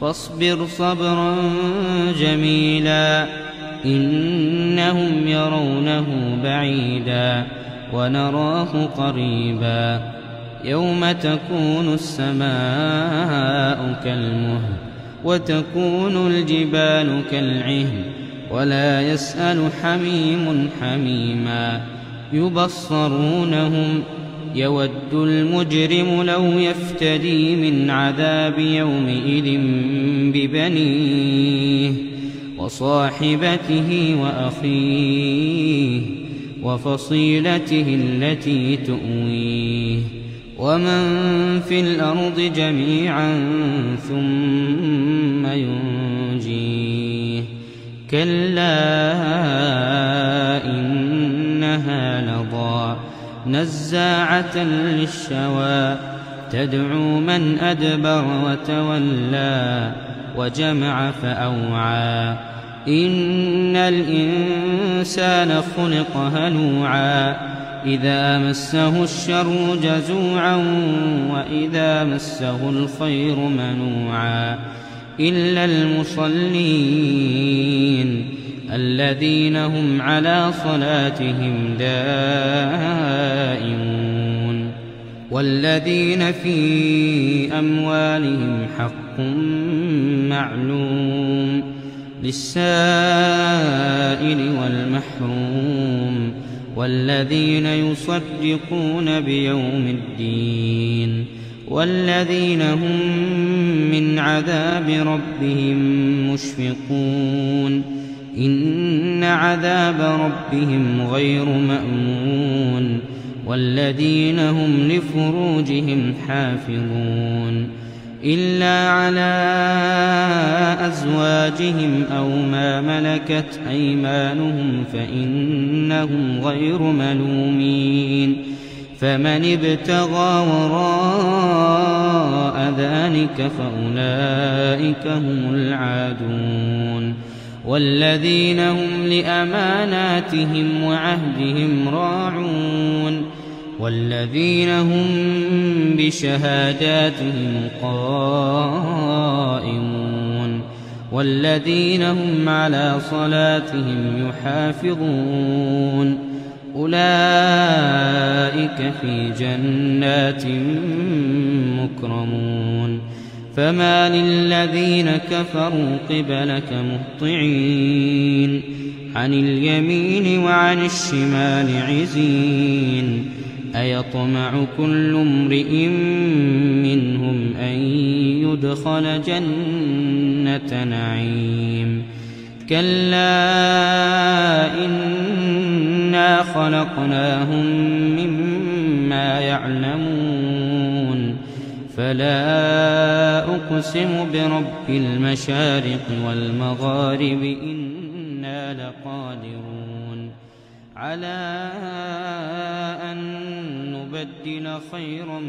فاصبر صبرا جميلا إنهم يرونه بعيدا ونراه قريبا يوم تكون السماء كالمهل وتكون الجبال كالعهن ولا يسأل حميم حميما يبصرونهم يود المجرم لو يفتدي من عذاب يومئذ ببنيه وصاحبته وأخيه وفصيلته التي تؤويه ومن في الأرض جميعا ثم ينجيه كلا نزاعة للشوى تدعو من أدبر وتولى وجمع فأوعى إن الإنسان خلق هلوعا إذا مسه الشر جزوعا وإذا مسه الخير منوعا إلا المصلين الذين هم على صلاتهم دائمون والذين في أموالهم حق معلوم للسائل والمحروم والذين يصدقون بيوم الدين والذين هم من عذاب ربهم مشفقون إن عذاب ربهم غير مأمون والذين هم لفروجهم حافظون إلا على أزواجهم أو ما ملكت أيمانهم فإنهم غير ملومين فمن ابتغى وراء ذلك فأولئك هم العادون والذين هم لأماناتهم وعهدهم راعون والذين هم بشهاداتهم قائمون والذين هم على صلاتهم يحافظون أولئك في جنات مكرمون فما للذين كفروا قبلك مهطعين عن اليمين وعن الشمال عزين أيطمع كل امرئ منهم أن يدخل جنة نعيم كلا إنا خلقناهم مما يعلمون فلا أقسم برب المشارق والمغارب إنا لقادرون على أن نبدل خيرا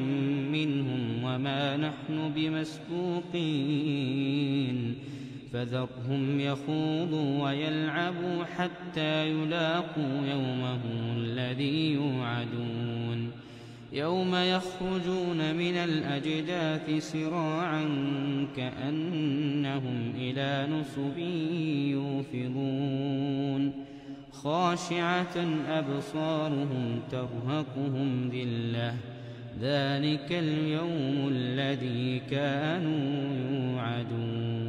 منهم وما نحن بمسبوقين فذرهم يخوضوا ويلعبوا حتى يلاقوا يومهم الذي يوعدون يوم يخرجون من الأجداث سراعا كأنهم إلى نصب يوفضون خاشعة أبصارهم ترهقهم ذلة ذلك اليوم الذي كانوا يوعدون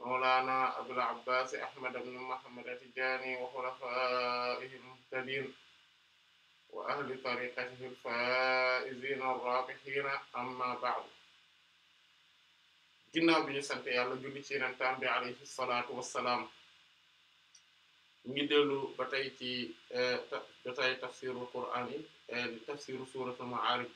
مولانا أبو العباس أحمد بن محمد الجاني وخلفائه المهتدين وأهل طريقته الفائزين الرابحين أما بعد جنا بني سنت يا الله جل جلاله تام عليه الصلاة والسلام ngidelu batay ci batay tafsir alquran yi eh, tafsir surat al-ma'arij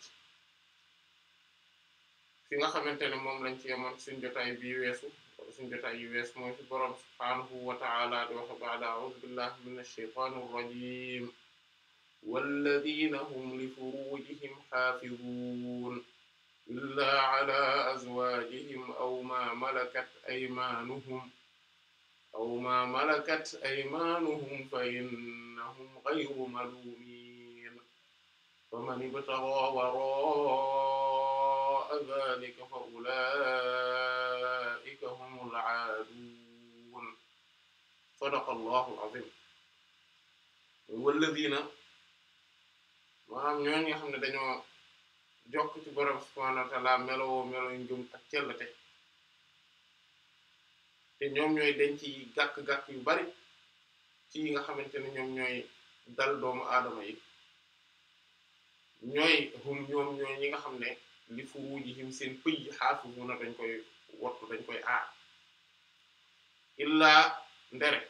fi nga xamantene mom lañ ci yamon suñu jotay bi wessu سنجتاي ويس موي بروم سبحانه وتعالى دوخ بعد اعوذ بالله من الشيطان الرجيم والذين هم لفروجهم حافظون الا على ازواجهم او ما ملكت ايمانهم او ما ملكت ايمانهم فانهم غير ملومين فمن ابتغى وراء وراء ذلك فأولئك هم العادون صدق الله العظيم walladina maanaam ñooñu nga xam ne dañoo jokk ci borom subhanahu wa ta'ala melowoo melo njum ak cellate te ñoom ñooy dañ ci gàkk-gàkk yu bari ci yi nga xamante ne ñoom ñooy dal doomu aadama yi ñooy hum ñoom ñooy ñi nga xam ne li furuujihim seen pëy yi xaafisuuna dañ koy wattu dañ koy aar illaa ndere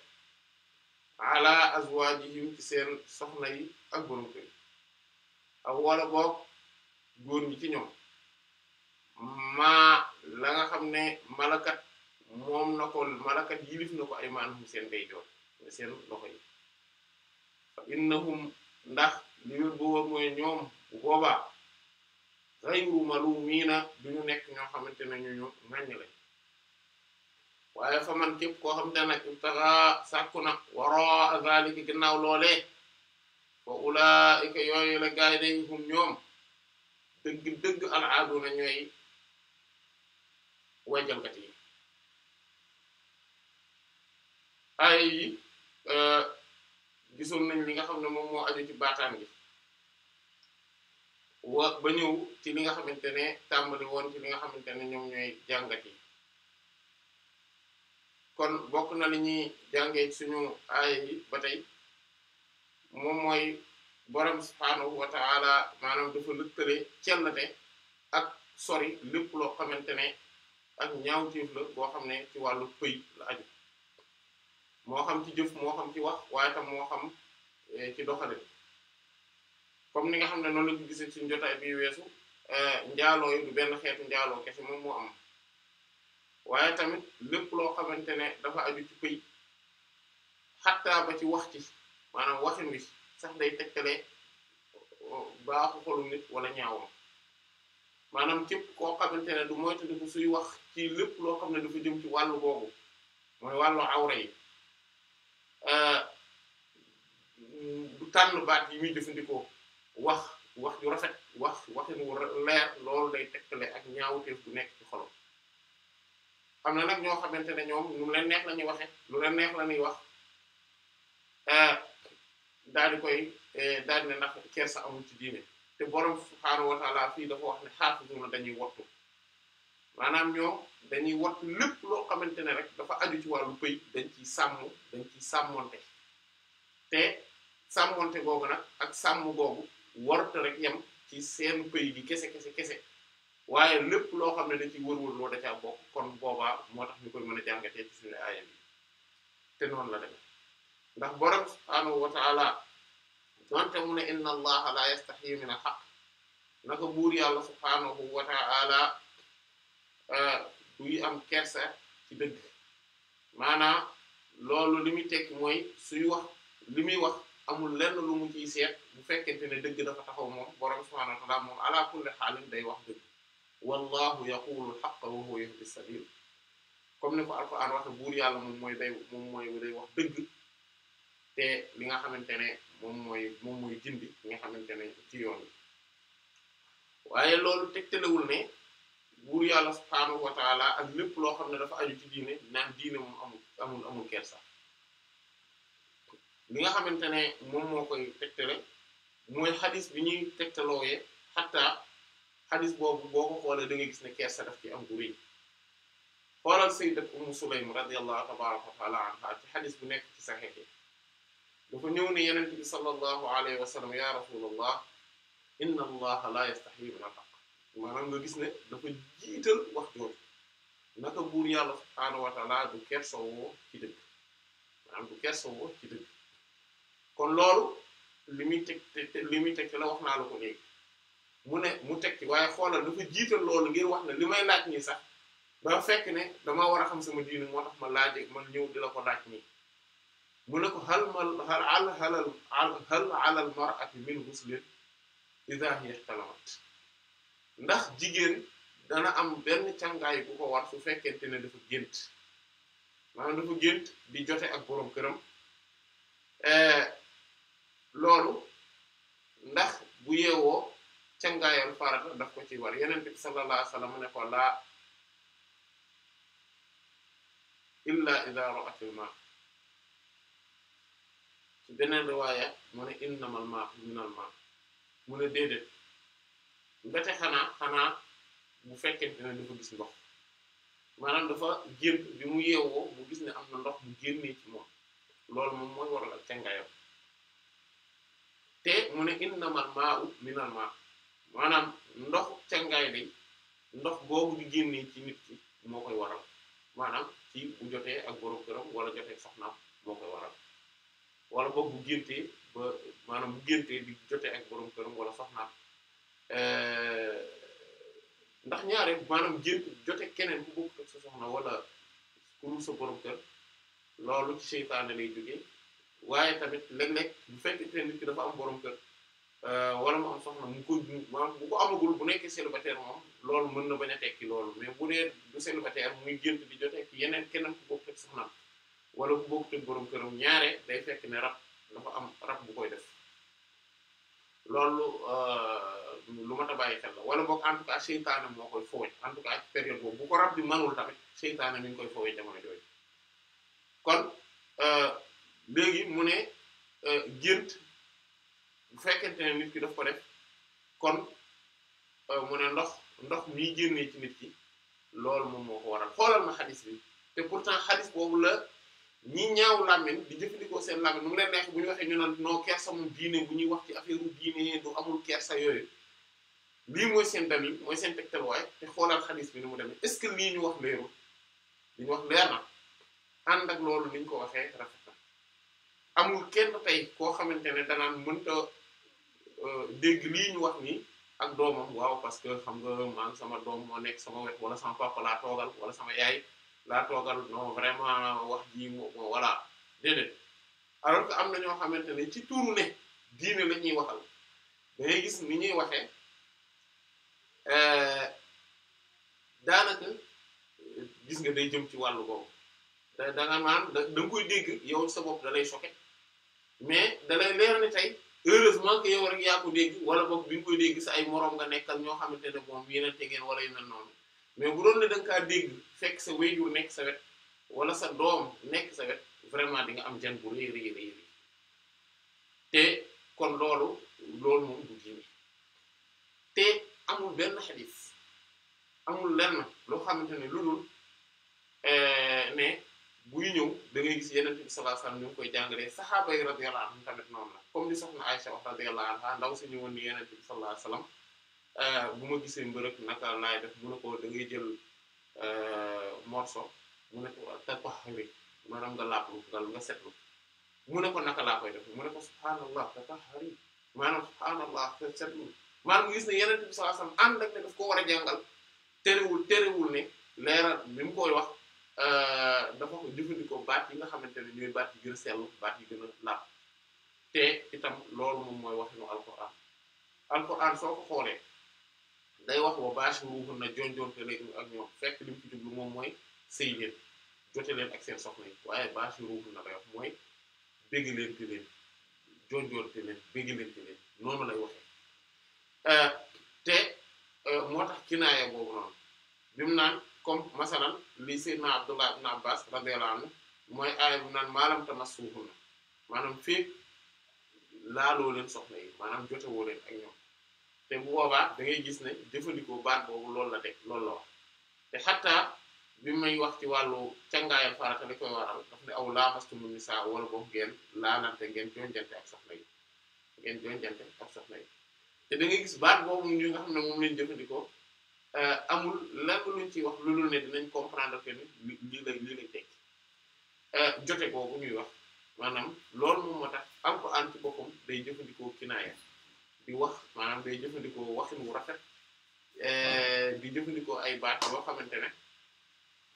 ala azwaajihim ci seen soxna yi ak borom kër yi ak wala boog ci ñoom maa la nga xam ne malakat mom noko ko malakat yilif na ko ay maanhum seen ndeyjoor seen loxo yi fa innahum ndax li wér bu wóor mooy ñoom bu ghayru malumiina duñu nekk ñoo xamante ne ñu ñu ŋàññ waaye fa man képp koo xamante nag ibtaga sàkku na waraa zalika ginnaaw loolee fa ulaa'ika yooyu la gaay day hum ñoom dëgg dëgg al'aaduna ñooy wayjalkat yi ay eh, gisoon nañ li nga xam ne moom moo aju ci gi wa ba ñëw ci li nga xamante ne tàmbali woon ci li nga xamante ne ñoom ñooy jàngat yi kon bokk na li ñuy jàngee suñu aaya yi ba tey moom mooy borom subhaanahu wa maanaam dafa lëkkale cellate ak sori lépp loo xamante ne ak ñaawteef la boo xam ne ci wàllu pëy la aju moo xam ci jëf moo xam ci wax waaye tam moo xam eh, ci doxalin comme ni nga xam ne noonu la ko gisee ci njotaay bi weesu eh, njaaloo yi du benn xeetu njaaloo kese moom moo am waaye tamit lépp loo xamante ne dafa aju ci pëy ci wax ci maanaam waxin wi sax oh, wala ñaawam maanaam képp koo xamante wax ci lépp loo xam ne dafa jëm ci wàllu boobu mooy wàllu awra yi eh, du tànn baat yi muy jëfandikoo wax wax yu rafet wax waxin wu leer loolu day tegtale ak ñaawteef bu nekk ci xolam am na nag ñoo xamante ne ñoom nu leen neex lañuy ñuy waxe lu leen neex la ñuy wax euh, daal koy euh, daal di ne ndax kersa amul ci diine te borom subhaanahu wa taala fii dafa wax ne xaafisum la dañuy wattu maanaam ñoom dañuy wattu lépp loo xamante ne rek dafa aju ci wàllu pëy dañ ciy sàmm dañ ci sàmmonte te sàmmonte googu nag ak sàmm googu warut rek yem ci seen pëy gi kese kese kese waaye lépp loo xam ne da ci wër-wër loo da caa bokk kon boobaa moo tax ñu koy mën a jàngatee ci suñu aaya la dem ndax borom subhaanahu wa ta'ala donte buur yàlla subhaanahu wa ta'ala duy eh, am kersa ci dëgg maanaam loolu li muy tekki mooy suy wax li muy wax amul lenn lu mu ciy seet bu fekkente ne dëgg dafa taxaw moom borom subhaanahu wa ta'aala moom ala kulli xaalin day wax dëgg wallahu yaqulu al-haqqa wa huwa yahdi as-sabil comme ni ko waxe buur yàlla moom mooy day moom mooy day wax dëgg te li nga xamante ne moom mooy moom jindi li nga xamante ne ci yoon bi waaye loolu tegtalewul ne buur yàlla subhaanahu wa ta'ala ak lépp loo xam ne dafa aju ci diine naan diine moom amul amul amul kersa li nga xamante ne moom moo koy tegtale mooy xadis bi ñuy tegtalooyee xatta xadis boobu boo ko xoolee da nga gis ne kersa daf ci am bu xoolal sayyidat Ummu Sulaym radiyallahu tabaraka wa taala anha ci bu nekk ci saxiix yi dafa ñëw ne yenent bi sallallahu alayhi wa sallam nga gis ne dafa jiital wax jooju naka buur yàlla subhaanahu wa taala du kersowoo ci dëgg maanaam du kersowoo ci dëgg kon loolu li muy teg li muy teg la wax naa la ko léegi mu ne mu tekki waaye xoolal dafa jiital loolu ngir wax ne li may laaj ni sax dafa fekk ne damaa war a xam sama diini moo tax ma laajee ko laaj nii mu ne ko hal mal hal al ndax jigéen dana am benn càngaay bu ko war su fekkente ne dafa gént maanaam dafa gént di jote ak borom këram. Eh, loolu ndax bu yeewoo cangaayal farata daf ko ci war yeneen bi sallallahu alayhi wasallam ne ko laa illa idha ra'atil ma ci beneen riwaaya mu ne innamal ma minal ma mu ne déedéet mbete xanaa xanaa bu fekkente ne dafa gis ndox maanaam dafa jén bi mu yeewoo mu gis ne am na ndox mu génnee ci moom loolu moom mooy waral ak cangaayam te mu ne innamal maa'u minal maa' maanaam ndox cangaay day ndox boobu di génnee ci nit moo koy waral maanaam ci bu jotee ak borom këram wala jote jotee soxnaam moo koy waral wala boog bu géntee ba maanaam bu géntee di jotee ak borom këram wala soxnaam eh, ndax ñaare maanaam gént jote keneen bu bokk ak sa soxna wala ku sa borom kër loolu ci seytaane lay jógee waaye tamit léeg-léeg bu fekkente nit ki dafa am borom kër euh, wala mu am soxna mu ko maanaam bu ko amagul bu nekkee célibataire moom loolu mën na bañ a tekki loolu mais bu dee du célibataire muy gént di jotee ak yeneen keneen ku bokk ak soxnaam wala ku bokk ak ñaare day fekk ne am rab bu koy def loolu euh, lu mat a bàyyi xel la wala boog en tout cas seytaane moo koy fooy en tout cas période boobu bu ko rab bi manul tamit seytaane mi koy fooy jamono jooju kon. Euh, léegi mu ne euh, gént bu fekkente ne nit ki daf ko def kon euh, mu ne ndox ndox mii génnee ci nit ki loolu moom moo ko waral xoolal ma xadis bi te pourtant xadis boobu la ñi ñaaw làmmiñ di jëfandikoo seen làmmiñ mu leen neex bu ñu ñu naan non kersa moom diine bu ñuy wax ci affaire diine du amul sa yooyu lii mooy seen dalil mooy seen tegtal waaye te xoolal xadis bi ni mu demee est-ce que lii ñu wax leeru li ñu wax leer na ànd loolu ni ko waxee rafet. amul kenn tey koo xamante ne danaan mënta euh, dégg lii ñu wax ni ak doomam waaw parce que xam nga man sama doom moo nekk sama wet wala sama papa laa toogal wala sama yaay laa toogal non vraiment wax ji moom voilà déedéet alors que am na ñoo xamante ne ci tuuru ne diine la ñuy waxal da gis ni ñuy waxee euh, daanaka gis nga day jëm ci wàllu boobu. da da nga da nga koy dégg yow sa bopp da lay choqué mais da lay leer ne tey heureusement que yow rek yaa ko dégg wala boog bi nga koy dégg sa ay moroom nga nekkal ñoo xamante ne moom yeneen te ngeen wala yu mel noonu mais bu doon ne kaa dégg fekk sa wéyjur nekk sa wala sa doom nekk sa vraiment di nga am jan bu rëy rëy te kon loolu loolu moom du diine te amul benn xadis amul lenn loo xamante ne lu dul eh, ne buy ñëw da ngay gis yeneen bi sallallahu alayhi wasallam ñu ngi koy jàngalee saxaaba yi radiyallahu anhum tamit noonu la comme ni soxna Aisha wax radiyallahu anha ndaw si ñëwoon ni yeneen bi sallallahu euh, bu ma gisee mbërëk naka laay def mu ko da ngay jël euh, morceau mu ne ko tatahari maanaam nga laablu ngal nga setlu mu ne ko naka gis ne yeneen bi sallallahu alayhi wasallam ne daf ko war a jàngal terewul terewul ne leeral bi mu koy wax Euh, dafa jëfandikoo baat yi nga xamante ne ñooy baat yi gën a sell baat yi gën a laab te itam loolu moom mooy waxinu alquran alquran soo ko xoolee day wax wa baashiruhunna jonjonte leen ak ñoom fekk li moom mooy sëy leen jote leen ak seen soxna yi waaye baashiruhunna lay wax mooy béggalante leen jonjonte leen béggalante leen noonu lay waxee euh, te euh, moo tax kinaaya boobu noonu bi naan. comme masalan li sayyidna Abdullah ibn Abbas radiyallahu anhu mooy aaya bu naan maalam tamassuhunna maanaam féeg laaloo leen soxna yi maanaam jotewoo leen ak ñoom te bu boobaa da ngay gis ne jëfandikoo baat boobu loolu la teg loolu la wax te xataa bi may wax ci wàllu cangaay a li koy waral daf ne aw laamastumu nisaa wala boog ngeen laalante ngeen jonjante ak soxna yi ngeen jonjante ak soxna yi te da gis baat boobu ñu nga xam ne moom lañ jëfandikoo Euh, amul lenn luñ ciy wax lu loolu ne dinañ comprendre que ni lii lay lii lay tekki euh, jote kooku ñuy wax maanaam loolu moom moo tax alquran ci boppam day jëfandikoo kinaaya di wax maanaam day jëfandikoo waxin wu rafet euh, di jëfandikoo ay baat yoo xamante ne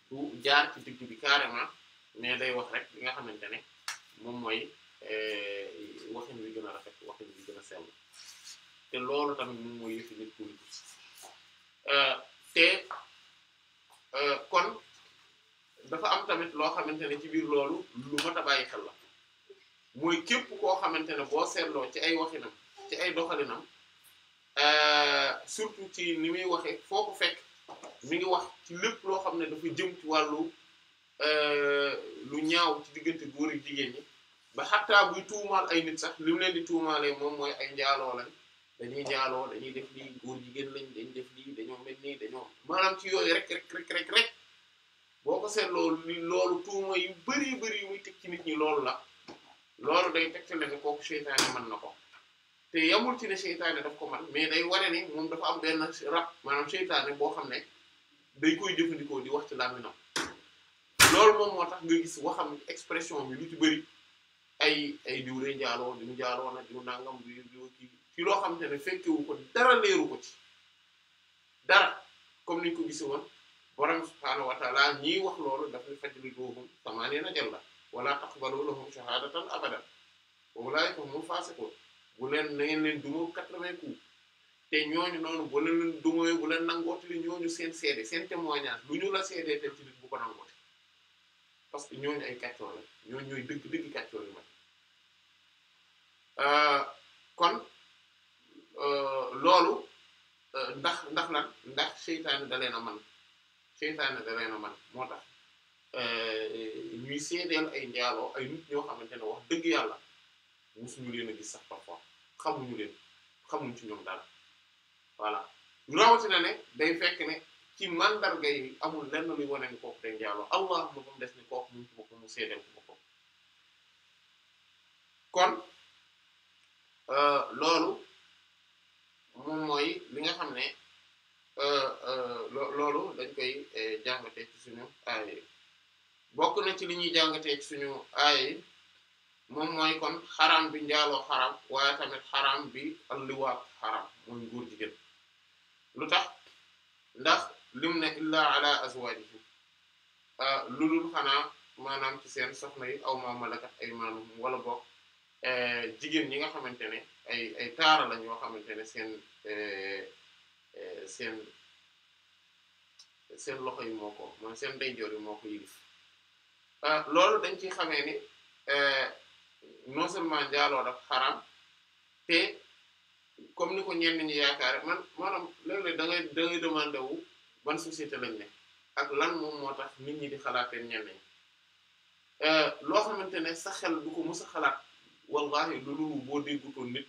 du jaar ci bi carrément mais day wax rek li nga xamante ne moom mooy waxin wi gën a rafet waxin wi gën a sell te loolu tamit moom mooy yëfi nit ku Euh, te euh, kon dafa am tamit loo xamante ne ci biir loolu lu mat xel la mooy képp koo xamante ne boo seetloo ci ay waxinam ci ay doxalinam euh, surtout ci ni muy waxee foo ko fekk mi ngi wax ci lépp loo xam ne dafa jëm ci wàllu lu ñaaw ci diggante góor a jigéen ñi ba xattaa buy tuumaal ay nit sax li mu leen di tuumaale moom mooy ay njaaloo lañ dañuy jaaloo dañuy def lii góor jigéen lañ dañ def lii dañoo mel nii dañoo maanaam ci yooyu rek rek rek rek boo ko seet loolu li loolu tuuma yu bari bari yu muy teg ci nit ñi loolu la loolu day teg ci ne kooku seytaane mën na ko te yamul ci ne seytaane daf ko man mais day wane ni moom dafa am benn rab maanaam seytaane boo xam ne day koy jëfandikoo di wax ci làmmiñam loolu moom moo tax nga gis waxam expression bi lu ci bëri ay ay diw day jaaloo diñu jaaloo nag diñu nangam bi diw kii ci loo xamante ne fekkewu ko dara leeru ko ci dara comme niñ ko gisi woon borom subhaanahu wa taala ñiy wax loolu dafay fajliduuhum samaaniina jalla wala taqbalu lahum shahaadatan abadan wa ulaa'ika humul faasiquun bu leen na ngeen leen dumoo quatre-vingts coups te ñooñu noonu bu leen leen leen nangooti li ñooñu seen seede seen témoignage lu ñu la seedee tel ko nangooti parce que ñooñu ay kàccoor la ñooñu ñooy dëgg dëgg kàccoor yu euh, mag kon Euh, loolu euh, ndax ndax lan ndax seytaane da leen a mën seytaane da leen a mën moo tax euh, ñuy seedeel ay njaaloo ay nit ñoo xamante ne wax dëgg yàlla musuñu leen a gis sax parfois xamuñu leen xamuñ ci ñoom dara voilà rawatina ne day fekk ne ci mandarga yi amul lenn luy wane ni kooku day njaaloo allahuma ba mu des ni kooku mu seedeel suñu aay bokk na ci li ñuy jàngatee ci suñu aay yi moom mooy kon xaraam bi njaaloo xaraam waaye tamit xaraam bi alliwaat xaraam mooy nguur jigéen lu tax ndax lim ne illa ala azwajihi lu dul xanaa maanaam ci seen soxna yi aw ma malakat aymanuhum wala bo e, jigéen ñi nga xamante ne ay ay taara lañ yoo xamante ne seen e, e, seen seen loxo yi moo ko maanaam seen ndeyjoor yi moo ko gis ah, loolu dañ ci xamee ni eh, non seulement njaaloo daf xaraam te comme ni ko ñenn ñi yaakaare man maanaam léeg-léeg da ngay da wu ban société lañ ne ak lan moom moo tax nit ñi di xalaateen ñenn ñi eh, loo xamante ne sax xel du ko mës a xalaat wallahi loolu boo déggutoon nit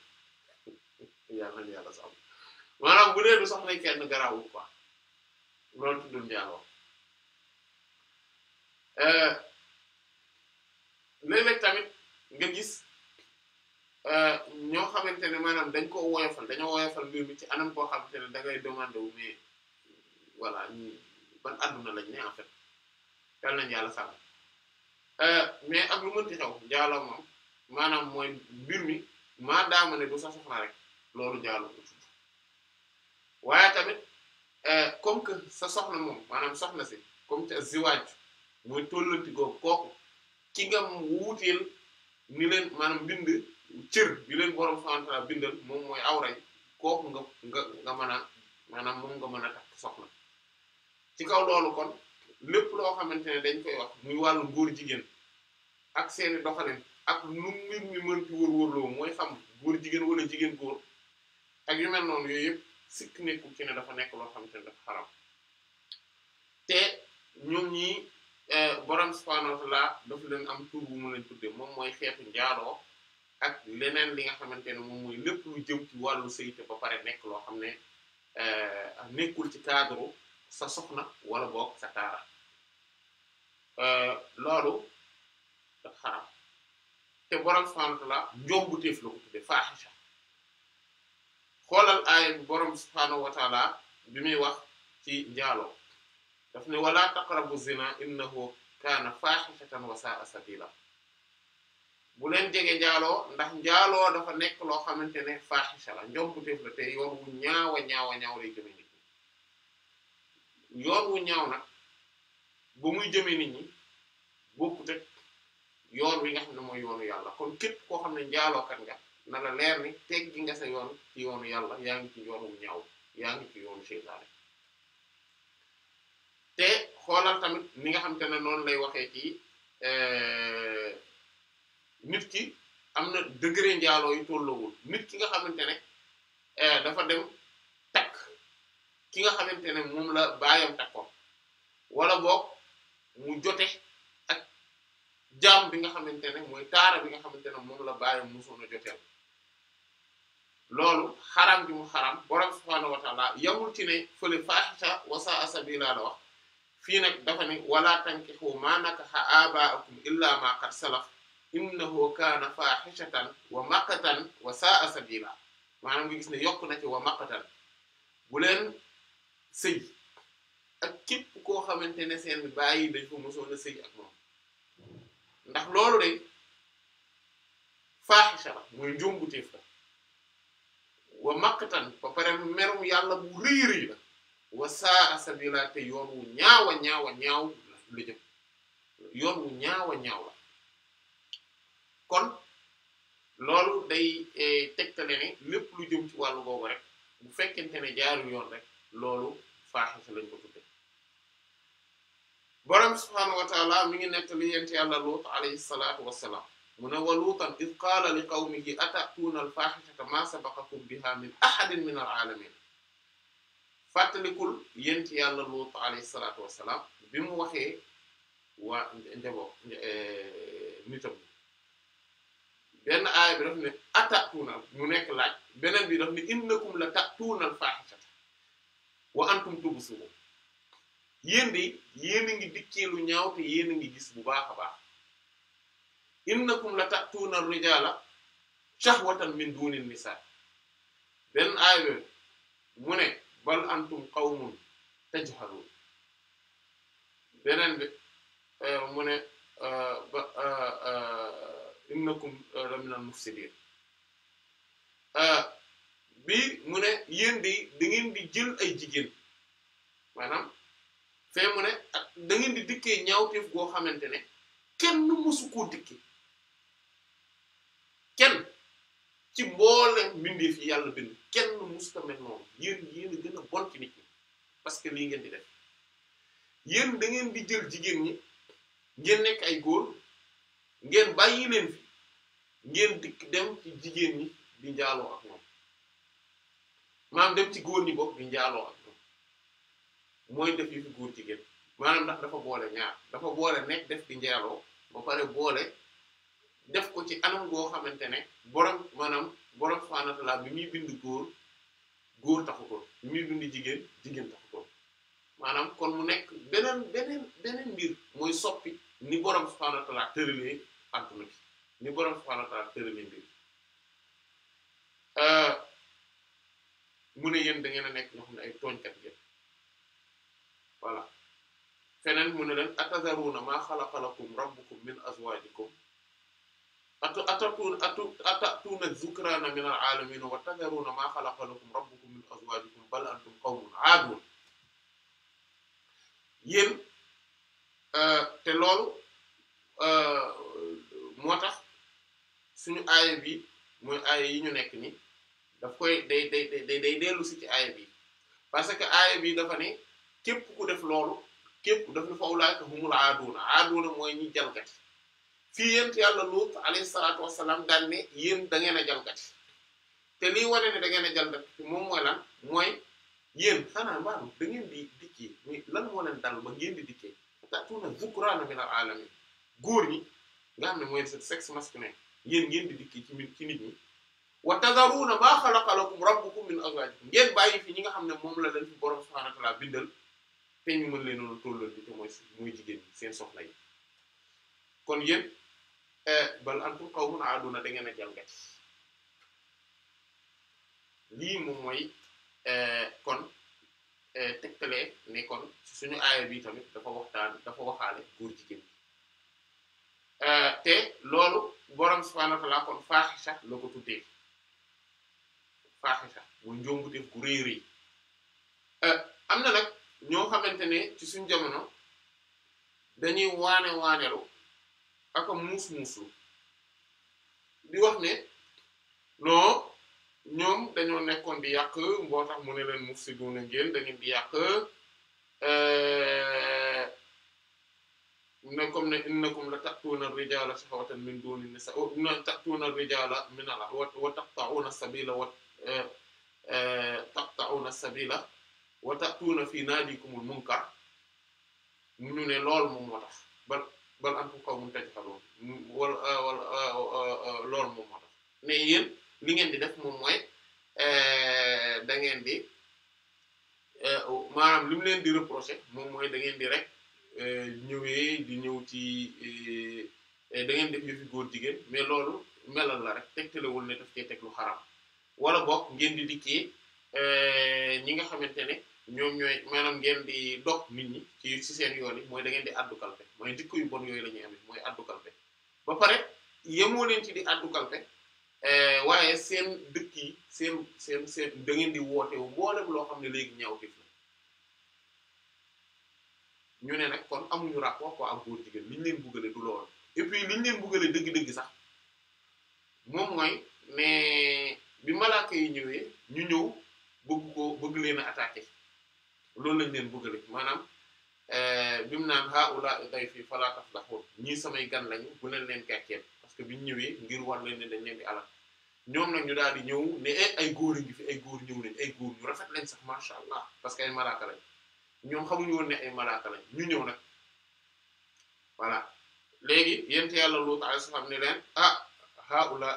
yàlla na yàlla sàmm maanaam bu dee du soxlay kenn garaawul quoi loolu tuddul njaaloo euh, léeg-léeg tamit nga gis euh, ñoo xamante ne maanaam dañ ko woyofal dañoo woyofal mbir mi ci anam koo xamante ne da wu mais voilà ñi ban àdduna lañ ne en fait yal nañ yàlla sàmm euh, mais ak lu mënti maanaam mooy mbir mi maa daama ne du sa soxna rek loolu jaadu ko tudd waaye tamit euh, comme que sa soxna moom maanaam soxna si comme que ziwaaj mooy tollanti googu kooku ki nga wuuteel ni leen maanaam bind cër bi leen borom subhaanahu bindal moom mooy awra yi kooku nga nga nga mën a maanaam moom nga mën a takk soxna ci kaw loolu kon lépp loo xamante ne dañ koy wax muy wàllu góor jigéen ak seeni doxalin ak nu mbir mi mënti wër-wër loo mooy xam góor jigéen wala jigéen góor. ak yu mel noonu yooyu yëpp sikk nekkul ci ne dafa nekk loo xamante ne dafa xaram te ñoom ñii euh, borom subhaanahu wa daf leen am tur bu mu leen tuddee moom mooy xeetu njaaloo ak leneen li nga xamante ne moom mooy lépp lu jëm ci wàllu sëyte ba pare nekk loo xam ne euh, nekkul ci cadre sa soxna wala boog sa taara euh, loolu dafa xaram te borom subhaanahu wa la ko tuddee faaxisha xoolal aaya bi borom subhaanahu wa bi muy wax ci njaaloo daf ne wala taqrabu zina innahu kaana faaxishatan wa saa'a sabila bu leen jege njaaloo ndax njaaloo dafa nekk loo xamante ne faaxisha la njombuteef la te yoon wu ñaawa ñaawa ñaaw lay jëme nit ñi yoon wu ñaaw nag ba muy jëme nit ñi bokkut ak yoon wi nga xam ne mooy yoonu yàlla kon képp koo xam ne njaalookat nga na leer ni teggi nga sa yoon ci yoonu yàlla yaa ngi ci yoonu ñaw yaa ngi ci yoonu seytaane te xoolal tamit ni nga xamante ne noonu lay waxee ci eh, nit ki am na degré njaaloo yi tolloowul nit ki nga xamante ne eh, dafa dem takk ki nga xamante ne moom la baayam takkoon wala boog mu jote ak jaam bi nga xamante ne mooy taara bi nga xamante ne moom la baayam musoon a joteel lolu xaram gi mu borom subhanahu wa taala yamul ci ne fële faaxisha wa sa sabila la wax fi nak dafa ni wala tankihu maa nakaxa aabaakum illa ma qad salaf innahu kana fahishatan wa maqatan wa sa sabila manam ngi gis ne yok na ci wa maqatan bu len sëy ak kep ko xamantene sen bàyyi dañ ko muso na sëy ak mom ndax lolu de fahisha moy muy njumbuteef wa maqtan ba pare merum yàlla bu rëy rëy la wa saa sabila te yoon wu ñaawa ñaawa ñaaw la jëm yoon wu ñaawa ñaaw la kon loolu day e, tegtale ne lépp lu jëm ci wàllu boobu rek bu fekkente ne jaarul yoon rek loolu faaxisa lañ ko tudde borom subhaanahu wa taala mi ngi nettali yent yàlla Luut alayhi salaatu wassalaam من ولوطا إذ قال لقومه أتأتون الفاحشة ما سبقكم بها من أحد من العالمين فاتلكل ينتي الله لوط عليه الصلاة والسلام بموحي و ندبو نيتام بن آية بي دافني آية أتأتون مو نيك لاج بنن آية بي دافني إنكم لتأتون الفاحشة وأنتم تبصرون يين دي يين نغي ديكيلو نياوتي يين نغي غيس بو باخا باخا innakum la ta'tuuna ar-rijaala shahwatan min duuni nisaa benn aaya mu ne bal antum qawmun tajhaluun beneen bi eh, mu ne eh, eh, mu ne yéen di da ay jigéen maanaam fee mu ne da ngeen di dikkee ñaawteef goo xamante ne kenn mësu koo dikkee ci mboole mbindeef yi yàlla bind kenn musta mel noonu yéen yéen a gën a bon ci nit ñi parce que lii ngeen di def yéen dangeen di jël jigéen ñi ngeen nekk ay góor ngeen bàyyi leen fi ngeen dikk dem ci jigéen ñi di njaaloo ak ñoom maanaam dem ci góor ñi bopp di njaaloo ak ñoom mooy def yi fi góor jigéen maanaam ndax dafa boole ñaar dafa boole nekk def di njaaloo ba pare boole def ko ci anam goo xamante ne borom maanaam borom subhaanahu bi muy bind góor góor taxu ko bi muy bind jigéen jigéen taxu ko maanaam kon mu nekk beneen beneen beneen mbir mooy soppi ni borom subhaanahu wa ta'aala tëralee adduna bi ni borom subhaanahu wa mbir euh, mu ne yéen dangeen a nekk ñoo xam ne ay tooñkat ngeen voilà feneen mu ne leen atazaruuna maa xalaqa lakum rabbukum min azwaajikum atu atatu atu atatuuna zukraana min al aalamiina wa tadharuuna maa xalaqa lakum rabbukum min azwaajikum bal antum qawmun aaduun yéen te loolu moo tax suñu aaya bi mooy aaya yi ñu nekk ni daf koy day day day day dellu si ci aaya bi parce que aaya bi dafa ne képp ku def loolu képp daf ne fa ulaa'ika humul aaduuna aaduuna mooy ñi jalgati fii yent yàlla Luut alayhi salaatu wassalaam daan ne yéen da ngeen a jalgati te lii wane ne dangeen ngeen a jalgati moom mooy lan mooy yéen xanaa maanaam da di dikkee mais lan moo leen dal ba ngeen di dikkee tatuna zukraana min al alamin góor ñi nga xam ne mooy seen sexe masculin yéen ngeen di dikkee ci ci nit ñi wa tadharuna ma khalaqa lakum bàyyi fi ñi nga xam ne moom la leen fi borom subhaanahu wa bindal te ñu mën leen noonu tollal bi te mooy jigéen ñi seen soxla yi kon yéen Eh, bal antum qawmun aaduna da ngeen a jalgati lii moom mooy eh, kon eh, tegtale ne kon suñu aaya bi tamit dafa waxtaan dafa waxaale góor jigéen te loolu borom subhaanahu wa ta'aala kon faaxisa la ko tuddee faaxisa mooy njombu def gu rëy am na nag ñoo xamante ne ci suñu jamono dañuy waane waaneelu ak a muus muuslu di wax ne non ñoom dañoo nekkoon di yàq moo tax mu ne leen mufsiduna ngeen dañu di yàq euh, ne comme ne innakum la ta'tuna ar-rijala shahwatan min sa nisa na ta'tuna ar-rijala min al wa taqta'una as-sabila wa taqta'una as-sabila wa ta'tuna fi nadikumul mu ñu ne lool moom moo tax bal antum qawmun tajhaluun wala wala loolu moom moo tax mais yéen li ngeen di def moom mooy euh, da di euh, maanaam li mu leen di reprocher moom mooy da ngeen di rek euh, ñëwee di ñëw ci da ngeen def yëfi góor jigéen mais loolu melal la rek tegtalewul ne daf cee teg lu xaraam wala bokk ngeen di dikkee ñi nga xamante ne. ñoom ñooy maanaam ngeen di dog nit ñi ci seen yoon yi mooy da ngeen di addu kalpe mooy jikko yu bon yooyu la ñuy mooy addu kalpe ba pare yemoo leen ci di addu kalpe eh, waaye seen dëkk yi seen seen seen da ngeen di woote wu mboolem loo xam ne léegi ñaw def na ñu ne nag kon amuñu rapport quoi ak góor jigéen li ñu leen buggale du lool et puis li ñu leen buggale dëgg-dëgg sax moom mooy ne bi malaaka yi ñëwee ñu ñëw bëgg ko bëgg leen a loolu lañ leen bëggale maanaam eh, bi mu naan haula dayfi fala taflahun ñii samay gan lañ bu leen leen gàcceel parce que biñu ñëwee ngir war leen ne dañ leen di alal ñoom nag ñu daal di ñëw ne eh, ay góor ngi fi ay góor ñëw nañ ay góor ñu rafet lañ sax macha allah parce que ay malaaka ñoom xamuñu woon ne ay malaaka lañ ñu ñëw nag voilà léegi yent yàlla Luut alayhi salaam ne leen ah haula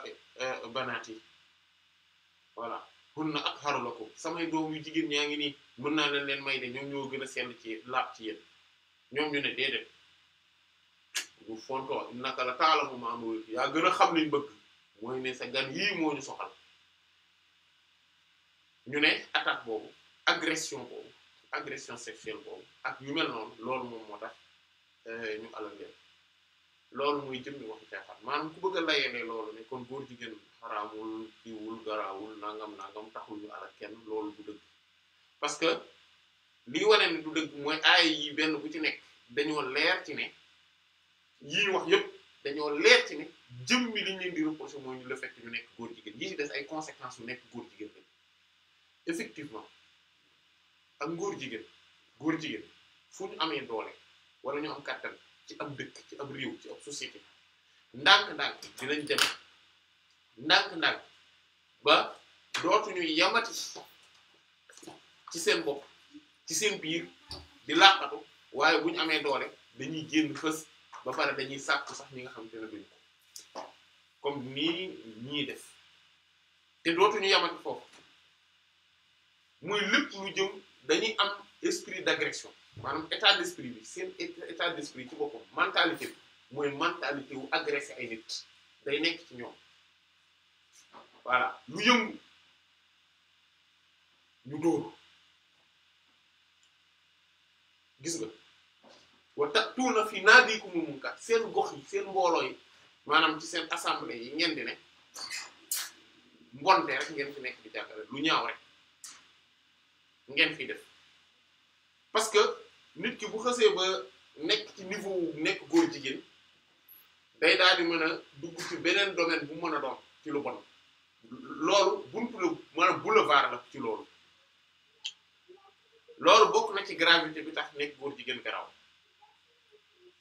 eh, banaat yi voilà na hunna atharu ko samay doom yu jigéen ñaa ngi nii mun naa leen leen may de ñoom ñoo gën a sell ci laab ci yéen ñoom ñu ne déedéet bu fonto innaka la ta'lamu yaa gën a xam liñ bëgg mooy ne sa gan yii moo ñu soxal ñu ne attaque boobu agression boobu agression sexuelle boobu ak yu mel noonu loolu moom moo tax euh, ñu alal leen loolu muy jëm ni waxu caaxaan maanaam ku bëgg a layalee loolu ne kon góor jigéen xaraamul kiiwul garaawul nangam nangam taxul ñu alal kenn loolu du dëgg parce que liy wane ne du dëgg mooy aay yi benn bu ci nekk dañoo leer ci ne yii wax yëpp dañoo leer ci ne jëmm bi liñ leen di reprocher mooy ñu la fekk ñu nekk góor jigéen yi ci des ay conséquences yu nekk góor jigéen lañ effectivement ak góor jigéen góor jigéen fu ñu amee doole wala ñu am kàttan ci ab dëkk ci ab réew ci ab société ndànk-ndànk dinañ dem. ndànk-ndànk ba dootuñu yamati ci seen bopp ci seen biir di làqatu waaye bu ñu amee doole dañuy génn fës ba pare dañuy sàkku sax ñi nga xamante ne duñ ko comme nii ñii def te dootuñu yamati foofu muy lépp lu jëm dañuy am esprit d'agression maanaam état d'esprit bi seen état d'esprit ci boppam mentalité bi mooy mentalité wu ay nit day nekk ci ñoom waa lu yëngu ñu dóor gis nga wa ta'tuuna fi naadikumul munkar seen gox yi seen mbooloo yi maanaam ci seen assemblée yi ngeen di ne mbonte rek ngeen fi nekk di jàngale rek ngeen fi def parce que nit ki bu xësee ba nekk ci niveau nekk góor jigéen day daal di mën a dugg ci beneen domaine bu mën a doon ci lu bon loolu buntu la maanaam boulevard la ci loolu loolu bokk na ci gravité bi tax nekk góor jigéen garaw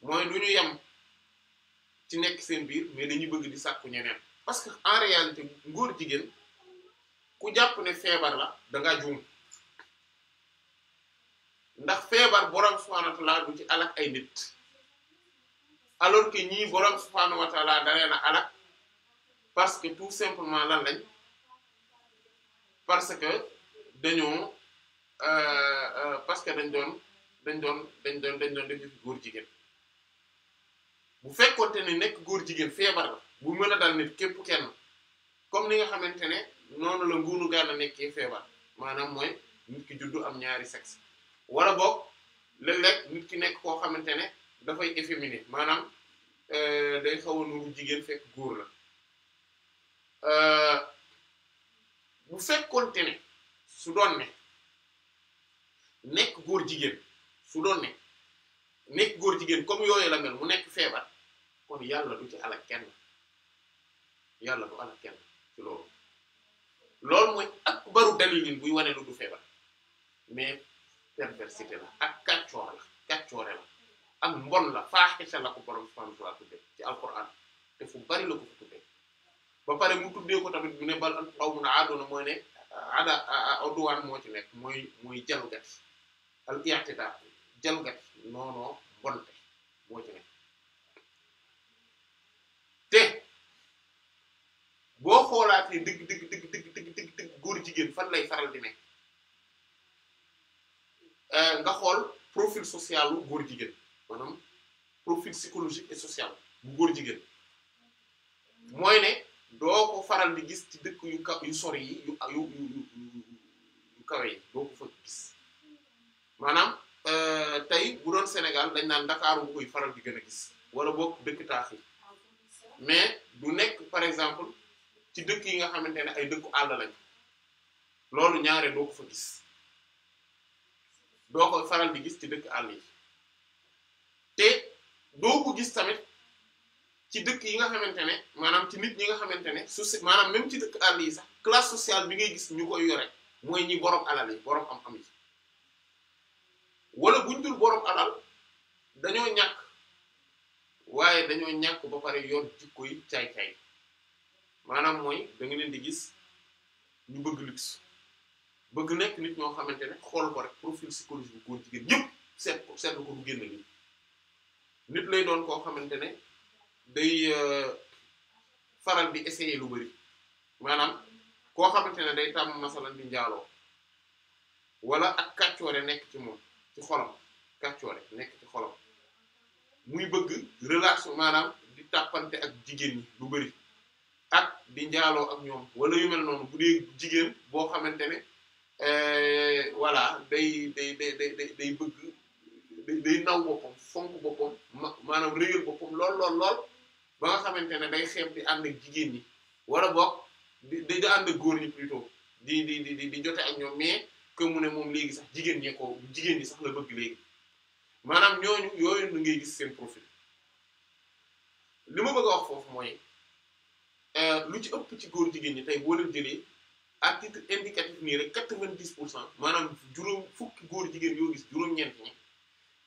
mooy du ñu yem ci nekk seen biir mais dañuy bëgg di sàkku ñeneen parce que en réalité jigéen ku jàpp ne feebar la da juum ndax feebar borom subhaanahu wa ta'aala du ci alak ay nit alors que ñii borom subhaanahu wa ta'aala da parce que tout simplement lan lañ parce que dañoo euh, euh, parce que dañ doon dañ doon dañ doon dañ doon dañu góor jigéen bu fekkoonte ne nekk góor jigéen feebar la bu mën a dal nit képp kenn comme ni nga xamante ne noonu la nguunu gànna nekkee feebar maanaam mooy nit ki juddu am ñaari sexe wala boog léeg-léeg nit ki nekk koo xamante ne dafay efféminé maanaam euh, day xaw a nuru jigéen fekk góor la. bu fekkonte ne su doon ne nekk góor jigéen su doon ne nekk góor jigéen comme yooyu la mel mu nekk feebar kon yàlla du ci alak kenn yàlla du alak kenn ci loolu loolu mooy akbaru dalilin buy wanee lu du feebar mais perversité la ak kàccoor la kàccoore la ak mbon la faaxisa la ko borom subhanahu wa ta'ala tudde ci alquran te fu bari la ko ba pare mu tuddé ko tamit mu né bal qawmun aaduna moy né ada odwaan mo ci moy moy mooy gat al i'tida jalgat noonoo bonte mo ci nek te bo xolaté dig dig dig dig dig dig dig goor jigen fan lay faral di euh nga xol profil social wu góor jigéen profil psychologique et social bu góor jigéen mooy doo ko faral di gis ci dëkk yu kaw yu sori yi yu yu yi doo ko fa gis maanaam euh, tey bu doon Sénégal dañ naan Dakar bu koy faral di gën a gis wala boog dëkk taax yi mais du nekk par exemple ci dëkk yi nga xamante ne ay dëkku àll lañ loolu ñaare doo ko fa gis doo ko faral di gis ci dëkk àll yi te doo ko gis tamit. ci dëkk yi nga xamante ne maanaam ci nit ñi nga xamante ne su maanaam même ci dëkk àll yi sax classe sociale bi ngay gis ñu koy yore mooy ñi borom alal yi borom am-am yi wala buñ dul borom alal dañoo ñàkk waaye dañoo ñàkk ba pare yor jikko yi caay-caay maanaam mooy da nga leen di gis ñu bëgg luxe bëgg nekk nit ñoo xamante ne xool ko rek profil psychologique bu jigéen ñëpp seet ko seetlu ko du génn nii nit lay doon koo xamante ne. day euh, faral di essayer lu bari maanaam koo xamante ne day tàmm masalan di njaaloo wala ak kàccoore nekk ci moom ci xolam kàccoore nekk ci xolam muy bëgg relation maanaam di tàppante ak jigéen ñi lu bari ak di njaaloo ak ñoom wala yu mel noonu bu dee jigéen boo xamante ne eh, voilà day day day day day bëgg day naw boppam fonk boppam maanaam réyal boppam lool lool lool ba nga xamante ne day xeeb di ànd ak jigéen ñi war a boog di di ànd ak góor ñi plutôt di di di di jote ak ñoom mais que mu ne moom léegi sax jigéen ñi ko jigéen ñi sax la bëgg léegi maanaam ñooñu yooyu na ngay gis seen profil li ma bëgg a wax foofu mooy euh, lu ci ëpp ci góor jigéen ñi tey boo leen jëlee à titre indicatif nii rek quatre-vingt-dix pour cent maanaam juróom fukki góor jigéen yoo gis juróom-ñeent ñi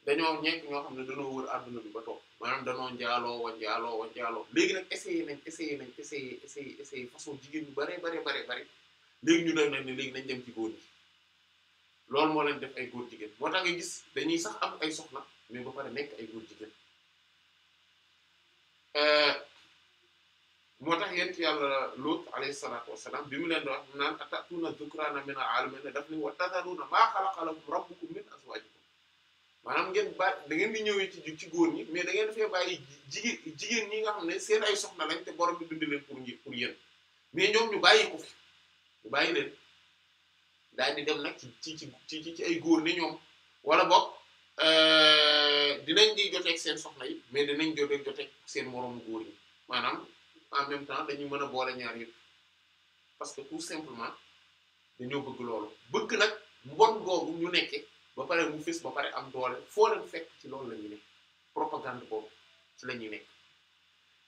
dañoo ñekk ñoo xam ne dañoo wër adduna bi ba toog maanaam dañoo njaaloo wa njaaloo wa njaaloo léegi nag essayé nañ essayé nañ essayé essayé essayé façon jigéen ñu bare bare bare bare léegi ñu doon nañ ne léegi nañ dem ci góor ñi loolu moo leen def ay góor jigéen moo tax gis dañuy sax am ay soxna mais nekk ay góor jigéen euh, moo tax yent yàlla Luut alayhi salaatu wassalaam bi mu leen di wax naan atatuuna zukraana mina al-aalamiina daf ni wa tadharuuna maa xalaqa lakum rabbukum min azwaajikum maanaam ngeen ba da ngeen di ñëwee ci ci góor ñi mais da ngeen fee bàyyi jigéen ñi nga xam ne seen ay soxna lañ te borom bi bind leen pour ñi pour yéen mais ñoom ñu bàyyi ko fi ñu bàyyi leen daal di dem nag ci ci ci ci ci ay góor ne ñoom wala boog euh, dinañ di joteeg seen soxna yi mais dinañ joteeg joteeg seen moromu góor ñi maanaam en même temps dañuy mën a boole ñaar yëpp parce que tout simplement dañoo bëgg loolu bëgg nag mbon googu ñu nekkee. ba pare mu fis ba pare am doole foo leen fekk ci loolu la ñu nekk propagande boobu ci la ñuy nekk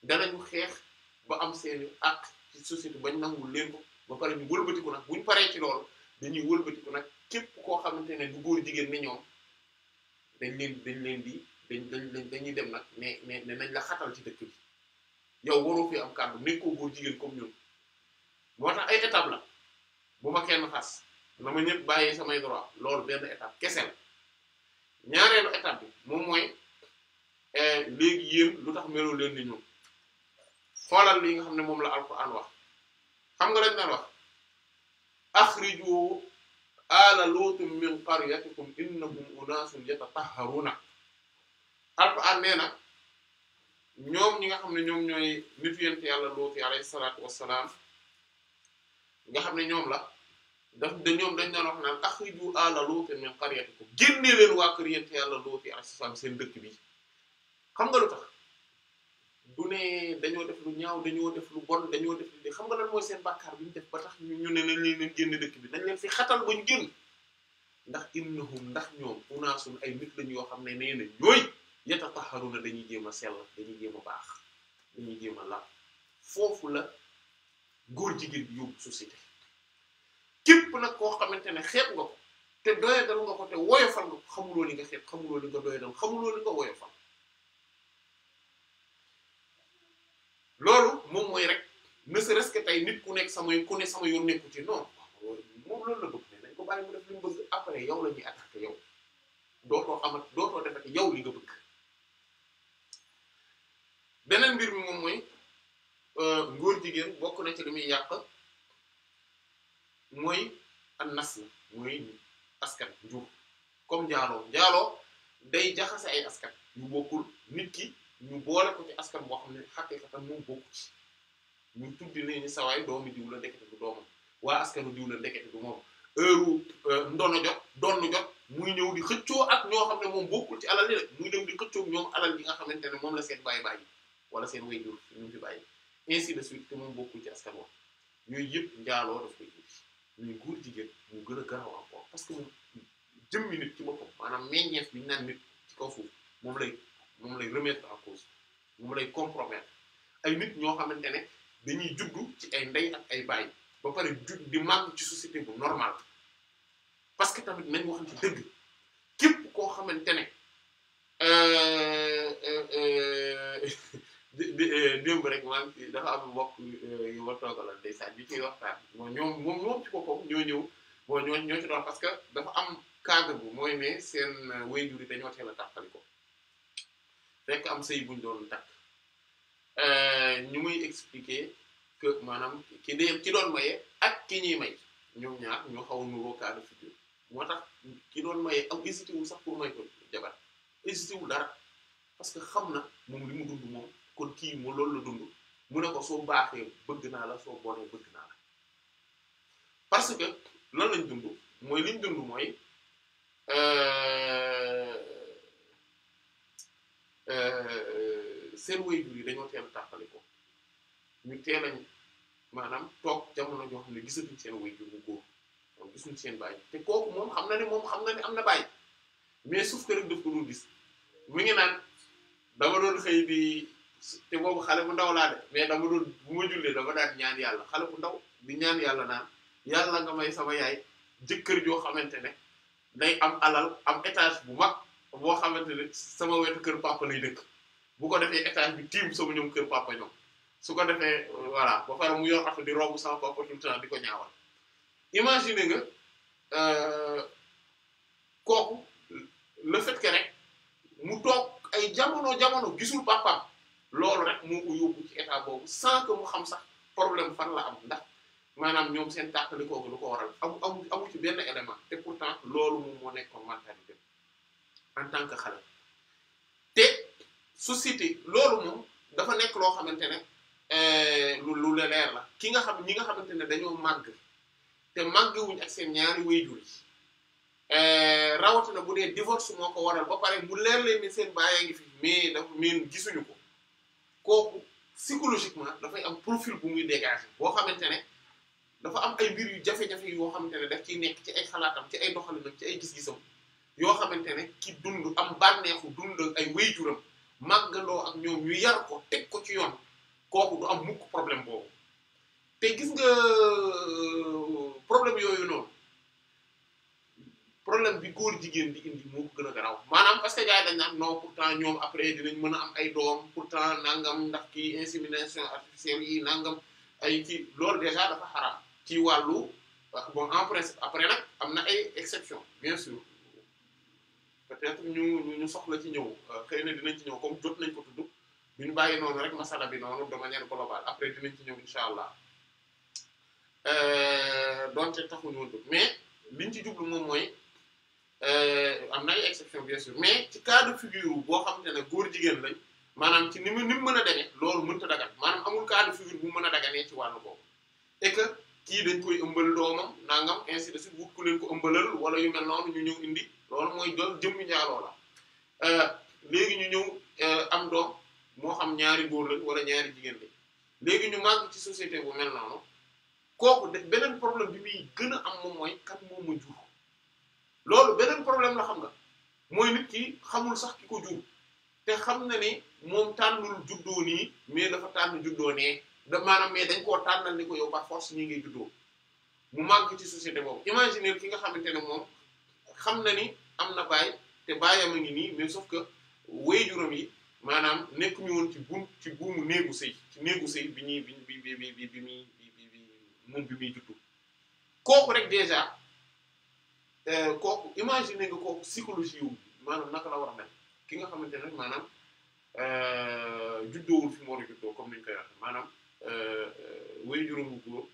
danañu xeex ba am seeni ak ci société bañ nangul leen ko ba pare ñu wëlbatiku nag buñ paree ci lool dañuy wëlbatiku nag képp koo xamante ne du góor jigéen ni ñoom dañ leen dañ leen di dañ dañ dañuy dem nag ne ne nañ la xatal ci dëkk bi yow waroo fi am kàddu nekkoo góor jigéen comme ñun moo tax ay étape la bu ma kenn xas na ma ñëpp bàyyi samay droit loolu benn étape kese la ñaareelu étape moom mooy eh, léegi yéen lu tax meloo leen ni ñun xoolal li nga xam ne moom la alquran wax xam nga dañ naan wax axriju ala luutum min qaryatikum innahum unaasun yatatahharuna alquran nee na ñoom ñi nga xam ne ñoom ñooy nitu yent yàlla luuti alayhi salaatu wassalaam nga xam ne ñoom la daf da ñoom dañ doon wax naan axriju ala luutin min qaryatikum génne leen waa kër yent yàlla Luut yi alayhi seen dëkk bi xam nga lu tax du ne dañoo def lu ñaaw dañoo def lu bon dañoo def lu xam nga lan mooy seen bàkkaar bi ñu def ba tax ñu ne nañ leen génne dëkk bi dañ leen fi xatal ba ñu génn ndax innahum ndax ñoom unaasun ay nit lañ yoo xam ne nee na ñooy yatataharuna dañuy jéem a sell dañuy jéem a baax dañuy jéem a laal foofu la góor jigéen bi képp nag koo xamante ne xeeb nga ko te doyadal nga ko te woyofal nga ko xamuloo li nga xeeb xamuloo li nga doyadal xamuloo li nga woyofal loolu moom mooy rek ne serait-ce que tey nit ku nekk samay ku ne sama yoon nekku ci non moom loolu la bëgg ne nañ ko bàyyi mu def li mu bëgg après yow la ñuy attaqué yow dootoo amat dootoo def yow li nga bëgg beneen mbir mi moom mooy euh, ngóor jigéen bokk na ci li muy yàq mooy an nas la mooy askan njuur comme njaaloo njaaloo day jaxase ay askan yu bokkul nit ki ñu boole ko ci askan boo xam ne xaqiiqatan moom bokku ci ñu tuddi ne ni sawaay la ndekete du waa askanu diw la ndekete du moom heure euh, ndono jot donnu jot muy ñëw di xëccoo ak ñoo xam ne moom bokkul ci alal li rek muy ñëw di xëccoo ñoom alal yi nga xamante ne moom la seen bàyyi bàyyi wala seen way jur ñu fi bàyyi ainsi de suite te moom bokkul ci askan wa yooyu yëpp njaaloo daf mais góor jigéen ñu gën a gaaw encore parce que jëm nit ci boppam maanaam meññeef bi ñu nit ci kaw suuf moom lay moom lay remettre en cause moom lay compromettre ay nit ñoo xamante ne dañuy juddu ci ay ndey ak ay baay ba pare jud di màgg ci société bu normal parce que tamit nañ waxante dëgg képp koo xamante ne. Euh, euh, euh, Eh, démb rek man dafa am mbokk yu eh, ma toogalal ndeysaan bi ciy waxtaan bon ñoom moom moom ci boppam ñoo ñëw bon ñoo ci doon parce que dafa am cadre bu mooy mais seen eh, waajur yi dañoo teel a tàqali ko fekk am sëy buñ doon takk ñu muy expliquer que maanaam ki dee ki doon maye ak ki ñuy may ñoom ñaar ñoo xaw nuroo cas de figure moo tax ki doon maye am hésité wul sax pour may ko jabar hésité dara parce que xam na moom li mu dund moom kon kii mu loolu la dund mu ne ko soo baaxee bëgg naa la soo bonee bëgg naa la parce que lan lañ dund mooy liñ dund mooy euh, euh, seen waajur yi dañoo teel a tàqali ko ñu teel a maanaam toog jamono joo xam ne gisatuñ seen waajur bu góor moom gisuñ seen baay te kooku moom xam na ne moom xam na ne am na baay mais suuf que rek daf ko dul gis mu ngi naan dama doon xëy bi te boobu xale bu ndaw laa de mais dama doon bu ma jullee dama daan ñaan yàlla xale bu ndaw di ñaan yàlla naan yàlla nga may sama yaay jëkkër joo xamante ne day am alal am étage bu mag boo xamante ne sama wetu kër papa lay dëkk bu ko defee étage bi tiim sama ñoom kër papa ñoom su ko defee voilà ba pare mu yor at di romb sama papa tout le temps di ko ñaawal imagine nga euh, kooku le fait rek mu toog ay jamono jamono gisul papa loolu nag mu ko yóbbu ci état boobu sans que mu xam sax problème fan la am ndax maanaam ñoom seen tàqalikoogu lu ko waral amu am amu ci benn élément te pourtant loolu moom moo nekkoon mentalité en tant que xale te société loolu dafa nekk loo xamante ne euh, lu lu leer la ki nga xam ñi nga xamante ne dañoo màgg te màgge wuñ ak seen ñaari waajur yi euh, na bu dee divorce moo ko waral ba pare mu leer leen ni seen baay a ngi fi mais dafa mais gisuñu ko kooku psychologiquement dafay am profil bu muy dégager boo xamante ne dafa am ay mbir yu jafe-jafe yoo xamante ne daf ciy nekk ci ay xalaatam ci ay doxalinam ci ay gis-gisam yoo xamante ne ki dund am bànneexu dund ay wéyjuram màggandoo ak ñoom ñu yar ko teg ko ci yoon kooku du am mukk problème boobu te gis nga euh, problème yooyu noonu problème bi góor jigéen di indi moo ko gën a garaaw maanaam parce que yi dañ naan non pourtant ñoom après dinañ mën a am ay doom pour pourtant nangam ndax kii insémination artificielle yi nangam ay ci loolu déjà dafa xaraam ci wàllu bon en principe après nag am na ay exception bien sûr peut-être ñu ñu soxla ci ñëw euh, xëy na dinañ ci ñëw comme jot nañ ko tudd bu ñu bàyyi noonu rek masala bi noonu de manière globale après dinañ ci ñëw incha allah euh, donte taxu woon mais liñ ci jublu moom mooy. Euh, am na ay mais ci cas de figure boo xamante ne góor jigéen lañ maanaam ci ni mu ni mu mën a demee loolu mënta dagan maanaam amul cas de figure bu mën a daganee ci wàllu boobu que kii dañ koy ëmbal doomam nangam ainsi de suite wut ku leen ko wala yu mel noonu ñu ñëw indi loolu mooy doon jëmmi njaaloo la euh, léegi ñu ñëw euh, am doom moo xam ñaari góor lañ wala jigéen léegi ñu màgg ci société bu mel noonu kooku beneen problème bi muy gën a am moom mooy kat moo ma jur loolu beneen problème la xam nga mooy nit ki xamul sax ki ko jur te xam na ni moom tànnul juddoo nii mais dafa tànn juddoo nee da maanaam mais dañ koo tànnal ni ko yow par force ñi ngay juddoo mu màgg ci société boobu imaginer ki nga xamante ne moom xam na ni am na baay te baayam a ngi nii mais sauf que waajuram yi maanaam nekk ñu woon ci buum ci buumu néegu sëy ci néegu sëy bi ñuy bi bi bi bi bi bi bi moom bi muy kooku rek déjà Eh, kooku imaginer nga kooku psychologie wu maanaam naka la war mel ki nga xamante ne maanaam eh, juddoowul fi mu war juddoo comme ni ñu koy waxee maanaam eh, wéyjuróom wu góor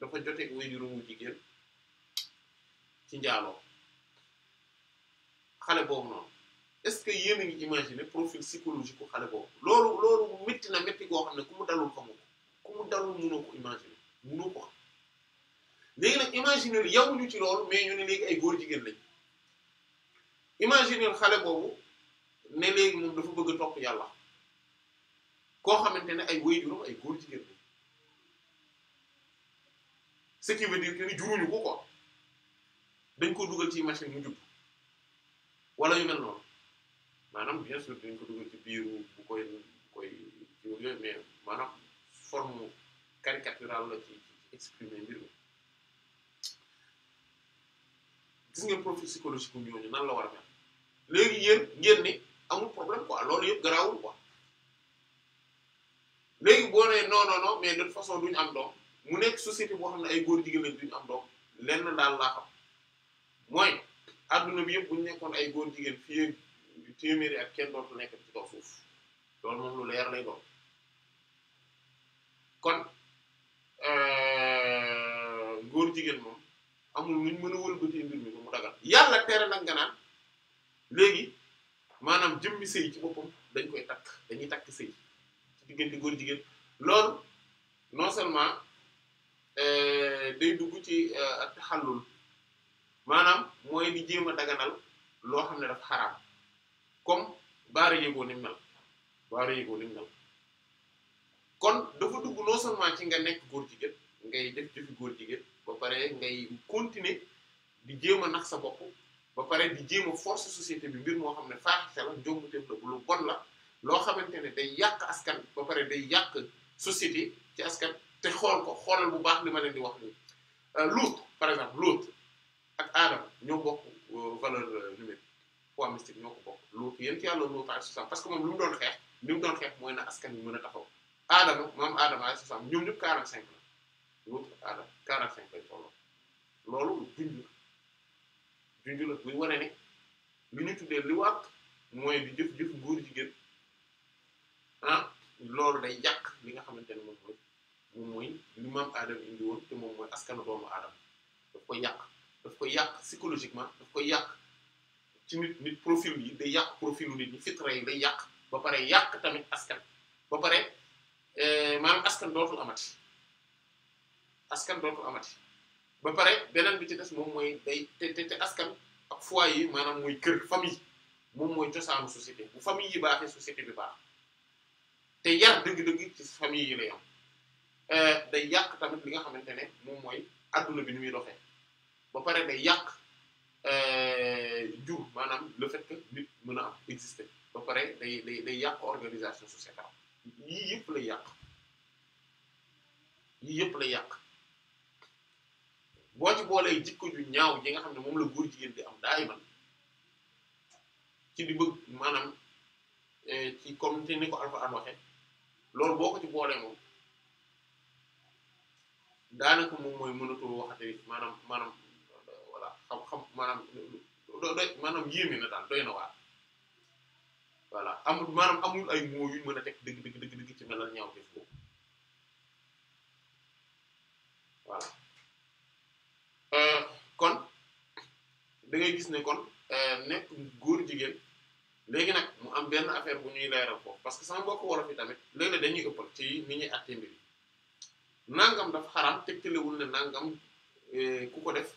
dafa joteeg wéyjuróom wu jigéen ci njaaloo xale boobu noonu est-ce que yéen a ngi imaginer profil psychologique ku xale boobu loolu loolu métti na métti goo xam ne ku mu dalul xamu ko ku mu dalul mënoo ko imaginer mënoo ko xam léegi nag imaginer yamuñu ci loolu mais ñu ne léegi ay góor jigéen lañ imaginer xale boobu ne léegi moom dafa bëgg a yàlla koo xamante ne ay waajuram ay góor jigéen lañ ce qui veut dire que ni juruñu ko dañ ko dugal ci machine mu jub wala yu mel noonu maanaam bien sûr dañ ko dugal ci biiru bu koy koy ci yooyu mais maanaam forme caricaturale la ci ci exprimer gis ngeen profil psychologique bu ñooñu nan la war léegi yéen ngeen ni amul problème quoi loolu yëpp garaawul quoi léegi boo nee non mais de toute façon duñu am doom mu nekk société boo xam ne ay góor jigéen lañ duñu am doom lenn daal laa xam mooy adduna bi yëpp bu nekkoon ay góor jigéen fii téeméeri ak kenn dootu nekk ci kaw suuf loolu moom lu leer lay doon kon euh, góor jigéen moom. amul nuñ mën a wëlbatee mbir mi ba mu dagal yàlla tere nag nga naan léegi maanaam jëmmi sëy ci boppam dañ koy takk dañuy takk sëy ci diggante góor jigéen loolu non seulement euh, day dugg ci euh, taxallul maanaam mooy di jéem a daganal loo xam ne dafa xaraam comme baara yëgoo ni mel baara yëgoo ni mel kon dafa dugg non seulement ci nga nekk góor jigéen ngay def jëfi góor jigéen ba pare ngay continuer di jéem a nax sa bopp ba pare di jéem a force société bi mbir moo xam ne faaxise la njombuteef la bu lu bon la loo xamante ne day yàq askan ba pare day yàq société ci askan te xool ko xoolal bu baax li ma leen di wax nii euh, Luut par exemple Luut ak Aadama ñoo bokk euh, valeur humaine euh, poids mystique ñoo ko bokk Luut yéen ci yàlla Luut alayhi salaam parce que moom li mu doon xeex li mu doon xeex mooy na askan bi mën a taxaw Aadama moom Aadama alayhi salaam ñoom ñëpp 45 ñoom aada 45 lay tolloo loolu junj tuddee li waat mooy di góor jigéen ah loolu day yàq li nga xamante ne moom mooy moom mooy li maam aadama indi woon te moom mooy askanu doomu aadama daf koy yàq daf koy yàq psychologiquement daf koy yàq ci nit nit profil yi day yàq profilu nit ñi fitra yi day yàq ba pare yàq tamit askan ba pare eh, maanaam askan dootul amati askan dootul amati ba pare beneen bi ci des moom mooy day te te te askan ak foyer yi maanaam mooy kër famille moom mooy cosaanu société bu famille yi baaxee société bi baax te yar dëgg-dëgg ci famille yi lay am euh, day yàq tamit li nga xamante ne moom mooy adduna bi ni muy doxee ba pare day yàq euh, jur maanaam le fait nit mën a am exister ba pare day day day yàq organisation sociétale yii yëpp lay yàq yii yëpp lay yàq. boo ci boolee jikko ju ñaaw ji nga xam ne moom la góor jigéen di am daay man ci di bëgg maanaam eh, ci comme te ni ko Alxuraan waxe loolu boo ko ci boolee moom daanaka moom mooy mënatul waxate maanaam maanaam voilà xam xam maanaam doy maanaam yéeme na daal doy na waar voilà amul maanaam amul ay moo yu mën a teg dëgg dëgg dëgg ci melal ñaaw def boobu voilà Euh, kon dangay gis ne kon euh, nekk góor jigéen léegi nag mu am benn affaire bu ñuy leeral foofu parce que sama mbokk wolof yi tamit léeg-léeg dañuy ëppal ci ni ñuy àttee mbir yi nangam dafa xaraam tegtalewul ne nangam euh, ku ko def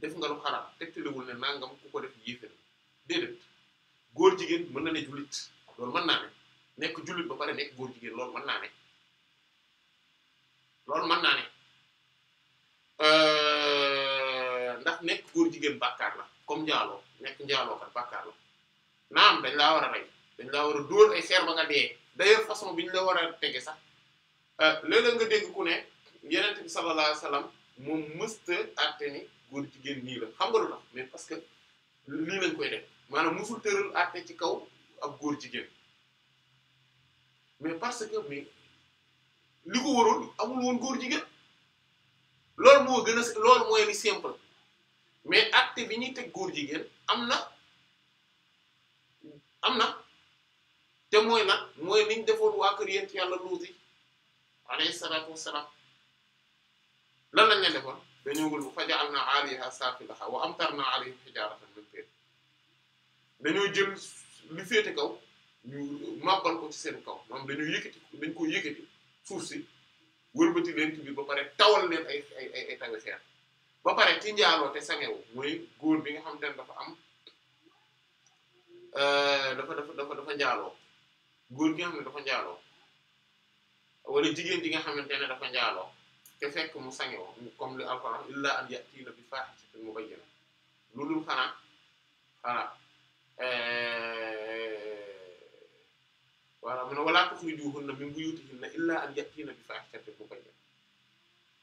def nga lu xaraam tegtalewul ne ku ko def yéefér góor jigéen mën na ne jullit loolu mën naa ne nekk jullit ba pare nekk góor jigéen loolu mën naa ne loolu mën naa ne góor jigéen bàkkaar la comme njaaloo nekk njaalookat bàkkaar la naam dañ laa war a rey dañ laa war a dóor ay seer ba nga dee d'ailleurs façon bi ñu la war a tege sax euh, léeg nga dégg ku ne yenent bi sallallahu alayhi moom mësta àtte ni góor jigéen nii la xam nga lu mais parce que lii lañ koy def maanaam musul tëral àtte ci kaw ak góor jigéen mais parce que mais li ko waroon amul woon góor jigéen loolu moo gën a loolu mooy li simple mais acte bi ñi tek góor jigen amna amna te moy nak moy niñ defoon wa keur yent yàlla luuti alayhi salatu wassalam lan lañ leen defoon ngul bu faja alna aliha saafilahaa wa amtarna alayhi hijaratan min fit dañu jël li fete kaw ñu mabal ko ci seen kaw mom dañu yëkkati dañ ko yëkkati fursi wërbeuti wëlbati leen ci bi ba pare tawal leen ay ay ay ay xeer aji njaaloo te sangewu mooy góor bi nga xamante ne dafa am euh, dafa dafa dafa dafa njaaloo góor gi nga xam ne dafa njaaloo wala jigéen ji nga xamante ne dafa njaaloo te fekk mu sangewu comme li alquran illa an yatiina bi faahishatin mubayyina loolu xanaa xanaa euh, mu ne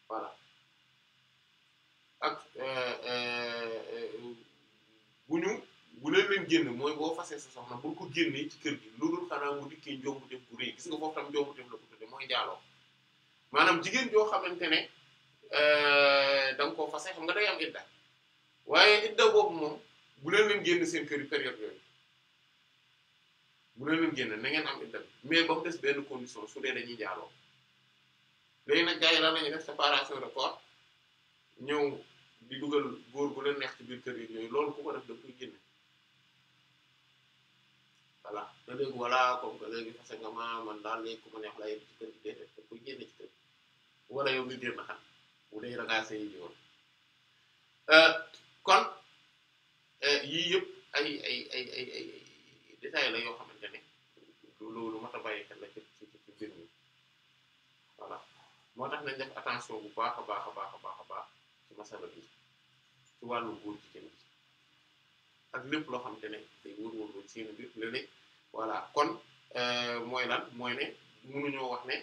walaa ak euh, euh, euh, bu ñu bu leen leen génn mooy boo fasee sa soxna bul ko génnee ci kër gi loolu xanaa mu dikkee njombu def bu rëy gis nga foofu tam njombu def la ko tudde mooy njaaloo maanaam jigéen joo xamante ne da nga koo fase xam nga day am idda waaye idda boobu moom bu leen leen génn seen këri yi période yooyu bu leen leen génn na ngeen am idda mais ba des benn condition su dee dañuy njaaloo léegi nag gars yi lan la ñuy def séparation de ñëw di dugal góor gu leen neex ci biir kër yi yooyu loolu ku ko def da koy génne voilà da léegi voilà comme que léegi fase nga ma man daal léegi ku ma neex lay ci kër gi déedéet euh, kon euh, yii yëpp ay ay ay ay ay la yoo xamante ne loolu mat a bàyyi xel la ci ci ci mbir mi voilà moo tax nañ def attention bu baax a baax a baax a baax a baax ci masala bi wallu wàllu góor jigéen ak lépp loo xamante ne day wër-wër seen biir la ne voilà kon euh, mooy lan mooy ne mënuñoo wax ne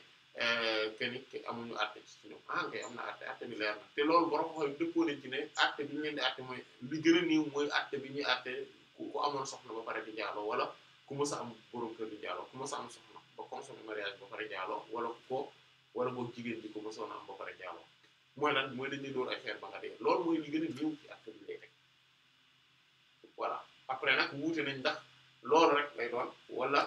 euh, que ni amuñu àtte ci ñoom ah am na àtte àtte bi leer na te loolu borom xooy dëppoo nañ ci ne àtte bi ñu leen di àtte mooy li gën a néew mooy bi ñuy àtte ku amoon soxna ba pare di jaalo wala ku mës a am borom kër di jaalo ku mës a am soxna ba consommé mariage ba pare jaaloo wala ko wala boog jigéen ji ko mësoon am ba pare jaalo mooy lan mooy dañuy door ay xeer ba nga dee loolu mooy li gën a néew ci acte bi day après nag wuute nañ ndax loolu rek lay doon wala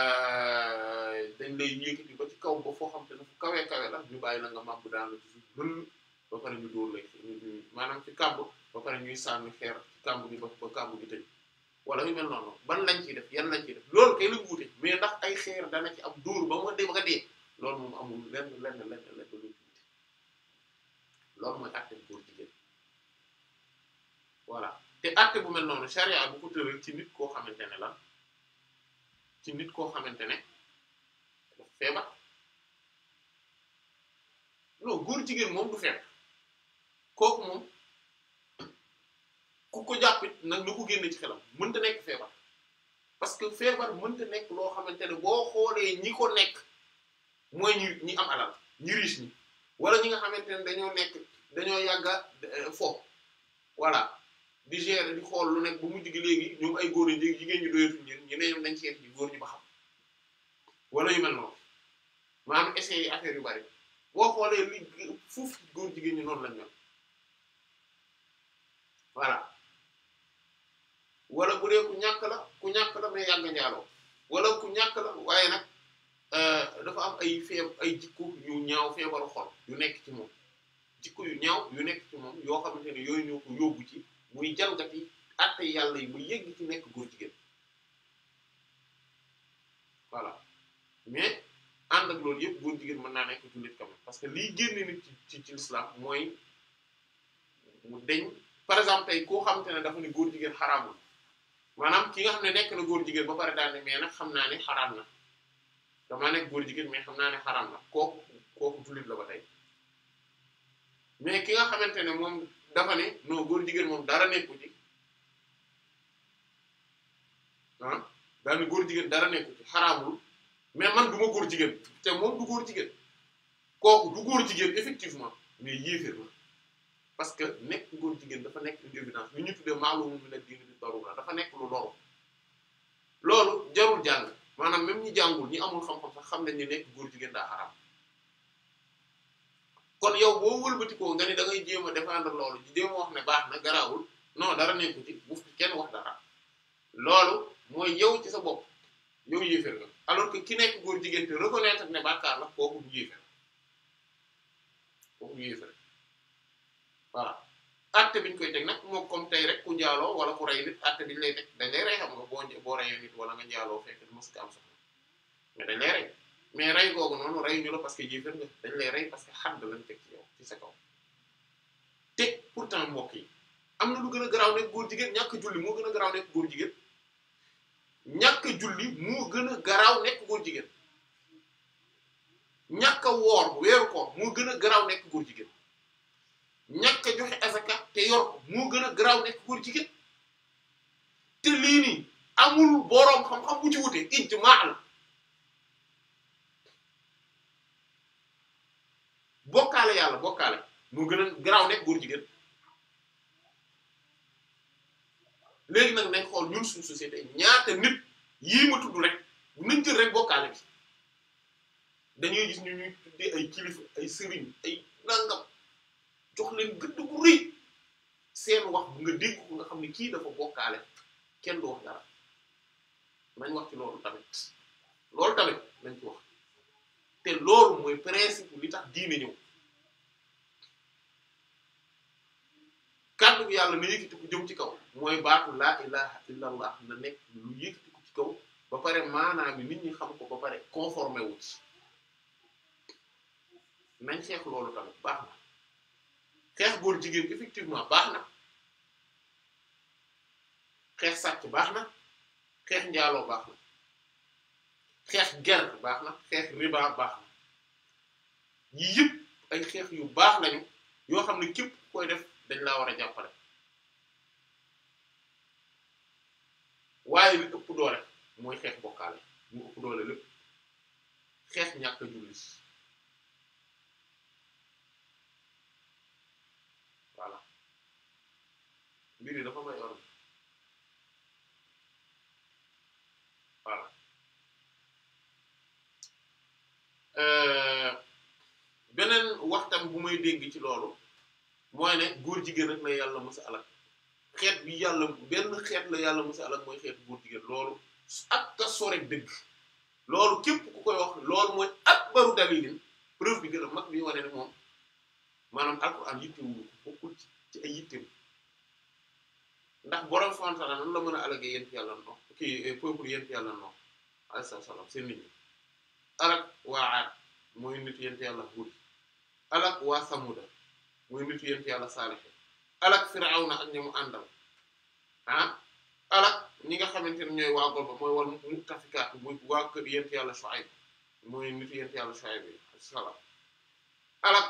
euh, dañ lay yékkati ba ci kaw xam te ne fu la ñu bàyyi la nga màbb daanu maanaam ci kàmb ba ñuy sànni xeer ci kàmb gi ba ba kàmb gi tëj wala mel noonu ban lañ ciy def yan lañ ciy def loolu kay la wuute mais ndax ay xeer dana am dóor ba ma dee ba nga dee loolu moom amul lenn lenn lenn lenn loolu mooy acte bu góor jigéen voilà te acte bu mel noonu charia bu ko tëral ci nit koo xamante ne la ci nit koo xamante ne dafa feebar non góor jigéen moom du feebar kooku moom ku ko jàppit nag na ko génne ci xelam mënta nekk feebar parce que feebar mënta nekk loo xamante ne boo xoolee ñi ko nekk mooy ñu ñi am alal ñi riche ñi wala ñi nga xamante ne dañoo nekk dañoo yàgg a euh, fo voilà di gérer di xool lu nekk bu mu gi léegi ñoom ay góor yi jigéen ñi doyatul ñun ñu ne ñoom dañ seet ji góor ñi ba xam wala yu mel noonu maanaam essayé affaire yu bari boo xoolee li fuuf góor jigéen ñi noonu lañ mel voilà wala bu dee ku ñàkk la ku ñàkk la mais yàgg njaaloo wala ku ñàkk la waaye nag Euh, dafa am ay feeb ay jikko yu ñaaw feebaru xol yu nekk ci moom jikko yu ñaaw yu nekk ci moom yoo xamante ne yooyu ñoo ko yóbbu ci muy jalgati àtte yàlla yi mu yëgg ci nekk góor jigéen voilà mais ànd ak loolu yëpp góor jigéen mën naa nekk jullit quand parce que liy génne nit ci ci ci l'islam mooy mu deñ par exemple tey koo xamante ne dafa ne góor jigéen xaraamul maanaam ki nga xam ne nekk na góor jigéen ba pare daal ne mais nag xam naa ne xaraam na damaa nekk góor jigéen mais xam naa ne xaraam la kooku kooku jullit la ba tey mais ki nga xamante ne moom dafa ne non góor jigéen moom dara nekku ci ah daanaka góor jigéen dara nekku mais man du ma góor jigéen te moom du góor jigéen kooku du góor jigéen effectivement mais yéeféer la parce que nekk góor jigéen dafa nekk une évidence lu ñu tuddee maalum mi ne diine di darura dafa nekk lu loru loolu jarul jàng maanaam même ñi jàngul ñi amul xam-xam sax xam nañ ni nekk góor jigéen daa xaram kon yow boo wëlbatikoo nga ni da jéem a défendre loolu di jéem wax ne baax na garaawul non dara nekku ci bu kenn wax dara loolu mooy yow ci sa bopp yow yéeféer nga alors que ki nekk góor jigéen te reconnaître ne bàkkaar la kooku du yéeféer kooku du yéeféer voilà atte biñ koy teg nag moom comme tey rek ku njaaloo wala ku rey nit atte biñ lay teg dañ lay rey xam nga boo boo reyee nit wala nga njaaloo fekk mos nga am mais dañ lay rey mais rey googu noonu rey ñu la parce que yéefar nga dañ lay rey parce que xadd lañ teg ci yow ci sa kaw te pourtant mbokk yi am na lu gën garaaw nekk góor jigéen ñàkk julli moo gën a garaaw nekk góor jigéen ñàkk gën a garaaw nekk góor jigéen ñàkk a woor weeru ko moo gën a garaaw nekk góor jigéen ñàkk a joxe azaka te yor ko moo gën a garaaw nekk góor jigéen te lii nii amul boroom xam-xam bu ci wute ijmaa la bokkaale yàlla bokkaale moo gën a garaaw nekk góor jigéen léegi nag nañ xool ñun suñu société ñaata nit yii ma tudd rek nañ jël rek bokkaale bi dañuy gis ñu ñuy tuddee ay kilifa ay sëriñ ay nangam. jox leen gëdd bu rëy seen wax nga dégg ko nga xam ni kii dafa bokkaale kenn du wax dara nañ wax ci loolu tamit loolu tamit nañ ci wax te loolu mooy principe li tax diine ñëw kàddu yàlla na yëkkati ko jëm ci kaw mooy baatu laa ilaha illa na nekk lu yëkkati ko ci kaw ba pare maanaam nit ñi xam ko ba pare conformé wu ci nañ xeex loolu tamit baax na xeex góor jigéen effectivement baax na xeex sàcc baax na xeex njaaloo baax na xeex ger baax na xeex riba baax na yi yëpp ay xeex yu baax lañu yoo xam ne képp koy def dañ laa war a jàppale waaye li ëpp doole mooy xeex bokkaale mu ëpp doole lépp xeex ñàkk a julli mbir yi dafa may or voilà euh, beneen waxtaan bu may dégg ci loolu mooy ne góor jigéen rek la yàlla mës a alak xeet bi yàlla benn xeet la yàlla mës a alak mooy xeet góor jigéen loolu ak ka sore dëgg loolu képp ku koy wax loolu mooy akbaru dalilin preuve bi gën a mag bi wane ne moom maanaam alquran yittewul ko bokkul ci ay yitteem ndax borom subhanahu wa ta'ala la mën a alagee yéen yàlla ndox kii eh, peuple yéen fi yàlla ndox alayhi salaam seen nit ñi alak waa aad mooy nit yéen yàlla Huud alak waa Samuda mooy nit yéen fi yàlla Saalih alak Firawna ak ñi àndal ah alak ñi nga xamante ne ñooy waa Golba mooy wal muttafikaat mooy waa kër yéen fi yàlla Shuayb mooy nit yéen fi yàlla Shuayb alayhi salaam alak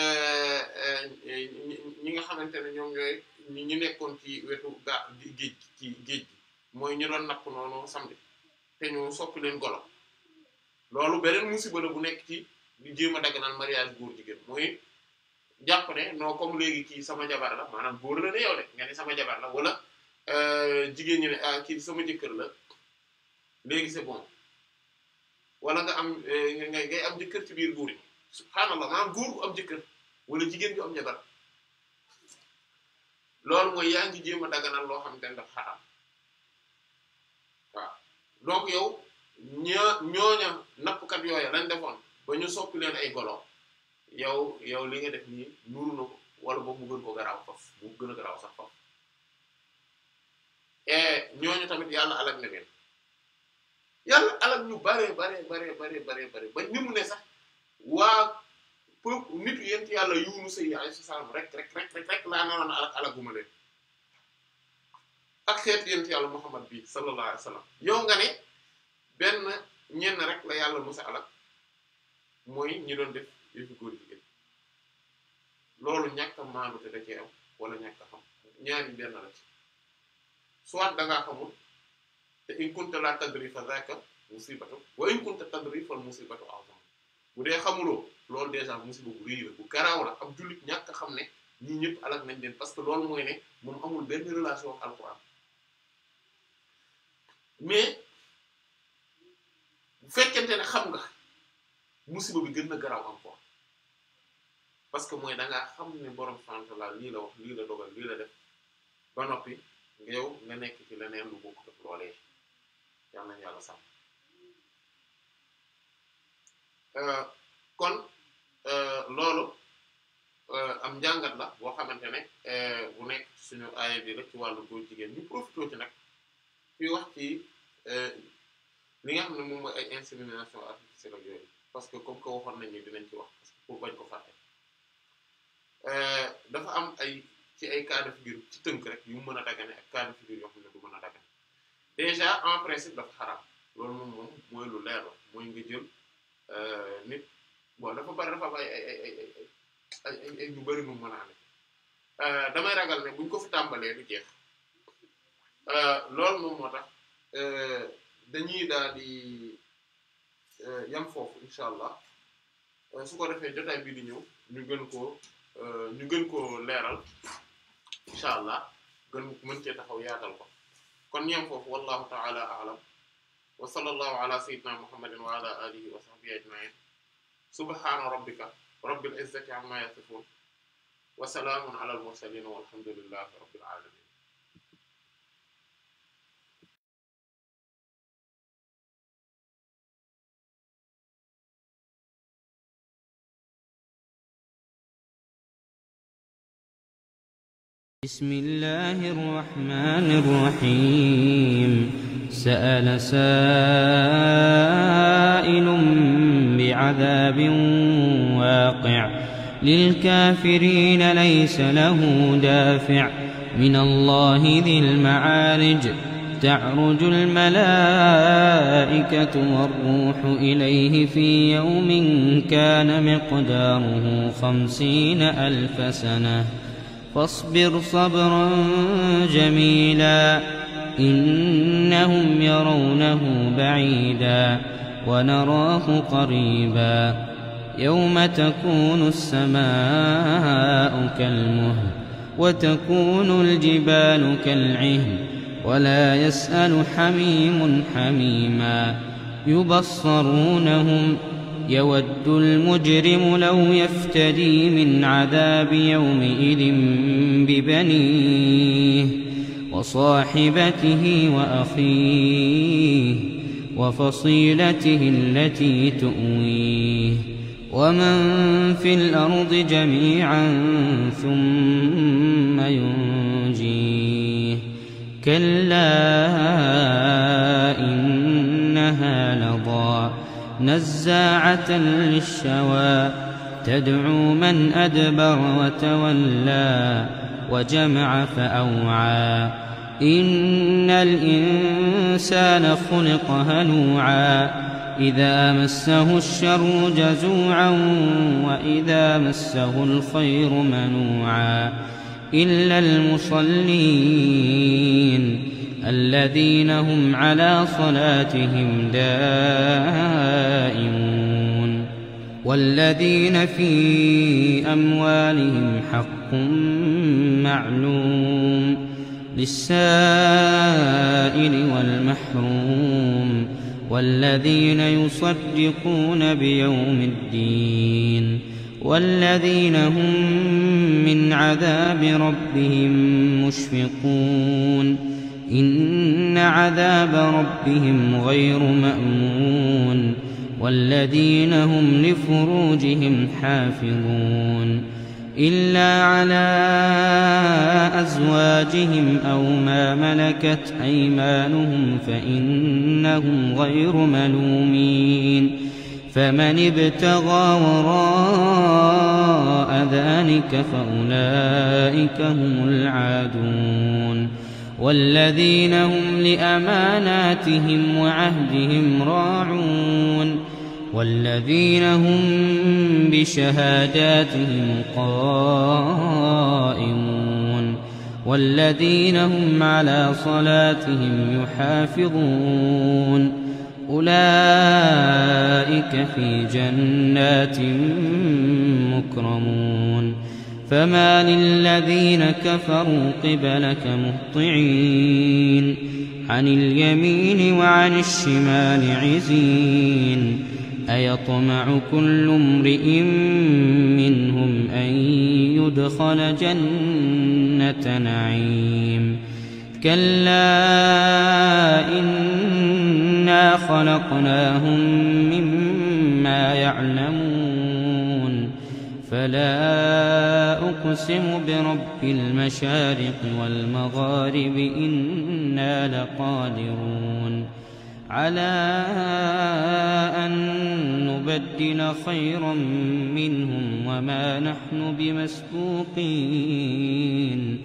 eh, eh, ñi nga xamante ne ñoom ñooy. ñi nekkoon ci wetu gaa géej ci géej mooy ñu doon napp noonu samedi te ñu soppi leen golo loolu beneen musiba la bu nekk ci di jéem a daganal mariage góor jigéen mooy jàpp ne non comme léegi kii sama jabar la maanaam góor la sama jabar la wala euh, jigéen ñi ne ah kii sama la léegi c'est wala nga am euh, ngay ngay am jëkkër ci biir góor yi subhaanallah maanaam góor bu am jëkkër wala jigéen bu am jabar loolu mooy yaa ngi jéem a daganal loo xam ne dafa xaraam waaw donc yow ñoo ñooña nappkat yooya lañ defoon ba ñu soppi leen ay golo yow yow li def nii nuru na ko wala boog mu gën ko garaaw faf mu gën garaaw sax faf ñooñu tamit yàlla alal na leen yàlla alal ñu baree baree baree baree bare ba ni ne sax waa pour nit yent yàlla Yunus yi alayhi salaam rek rek rek rek rek laa naroon alak alaguma leen ak xeet yent yàlla Muhammad bi sallallahu alayhi wa sallam yow nga ne benn ñenn rek la yàlla musa alak mooy ñi doon def yëfu góor jigéen loolu ñàkk a maandu te da am wala ñàkk a xam ñaari benn la ci soit da ngaa xamul te in kunta la tadri musibatu wa in kunta tadri fal bu dee xamuloo loolu déjà musiba bu rëy la bu garaaw la ab jullit ñàkk xam ne ñii ñëpp alak nañ leen parce que loolu mooy ne moom amul benn relation ak alxuraan mais bu fekkente ne xam nga musiba bi gën na garaaw encore parce que mooy da ngaa xam ne borom sant la lii la wax lii la dogal lii la def ba noppi yow nga nekk ci leneen lu bokk def loolee yal nañu yàlla sàmm. Euh, kon euh, loolu euh, am njàngat la boo xamante ne bu nekk suñu aaya bi la ci wàllu góor jigéen ñu profité ci nag fi wax ci li nga xam ne moom mooy ay insémination artificielle ak yooyu parce que comme que waxoon nañu dinañ ci wax parce que pour bañ ko fàtte dafa am ay ci ay cas de figure ci tënk rek yu mën a dagane ak cas de yoo xam ne du mën a dagane déjà en principe dafa xaraam loolu moom mooy lu leer la mooy nga jël. Euh, nit bon dafa bari dafa am ay ay bari mu mën a amee euh, damay ragal ne buñ ko fi tàmbalee du jeex euh, loolu moom moo tax dañuy daal di yam foofu incha allah su ko defee jotaay bii di ñëw ñu gën koo ñu gën koo leeral incha allah gën mën cee taxaw yaatal ko kon yam foofu wallahu ta'ala a'lam wa sallallahu ala sayyidina muhammadin wa ala wa sahbihi ربي أجمعين سبحان ربك رب العزة عما يصفون وسلام على المرسلين والحمد لله رب العالمين بسم الله الرحمن الرحيم سأل سائل عذاب واقع للكافرين ليس له دافع من الله ذي المعارج تعرج الملائكة والروح إليه في يوم كان مقداره خمسين ألف سنة فاصبر صبرا جميلا إنهم يرونه بعيداً ونراه قريبا يوم تكون السماء كالمهل وتكون الجبال كالعهن ولا يسأل حميم حميما يبصرونهم يود المجرم لو يفتدي من عذاب يومئذ ببنيه وصاحبته وأخيه وفصيلته التي تؤويه ومن في الأرض جميعا ثم ينجيه كلا إنها لضا نزاعة للشوى تدعو من أدبر وتولى وجمع فأوعى إن الإنسان خلق هلوعا إذا مسه الشر جزوعا وإذا مسه الخير منوعا إلا المصلين الذين هم على صلاتهم دائمون والذين في أموالهم حق معلوم للسائل والمحروم والذين يصدقون بيوم الدين والذين هم من عذاب ربهم مشفقون إن عذاب ربهم غير مأمون والذين هم لفروجهم حافظون إلا على أزواجهم أو ما ملكت أيمانهم فإنهم غير ملومين فمن ابتغى وراء ذلك فأولئك هم العادون والذين هم لأماناتهم وعهدهم راعون والذين هم بشهاداتهم قائمون والذين هم على صلاتهم يحافظون أولئك في جنات مكرمون فما للذين كفروا قبلك مهطعين عن اليمين وعن الشمال عزين أيطمع كل امرئ منهم أن يدخل جنة نعيم كلا إنا خلقناهم مما يعلمون فلا أقسم برب المشارق والمغارب إنا لقادرون على أن نبدل خيرا منهم وما نحن بمسبوقين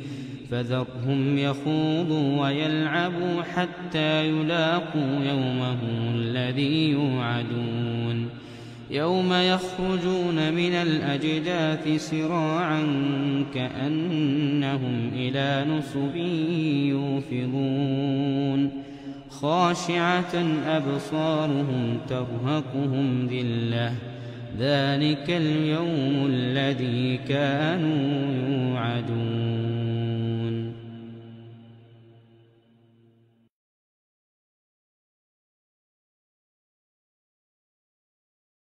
فذرهم يخوضوا ويلعبوا حتى يلاقوا يومهم الذي يوعدون يوم يخرجون من الأجداث سراعا كأنهم إلى نصب يوفضون خاشعة أبصارهم ترهقهم ذلة ذلك اليوم الذي كانوا يوعدون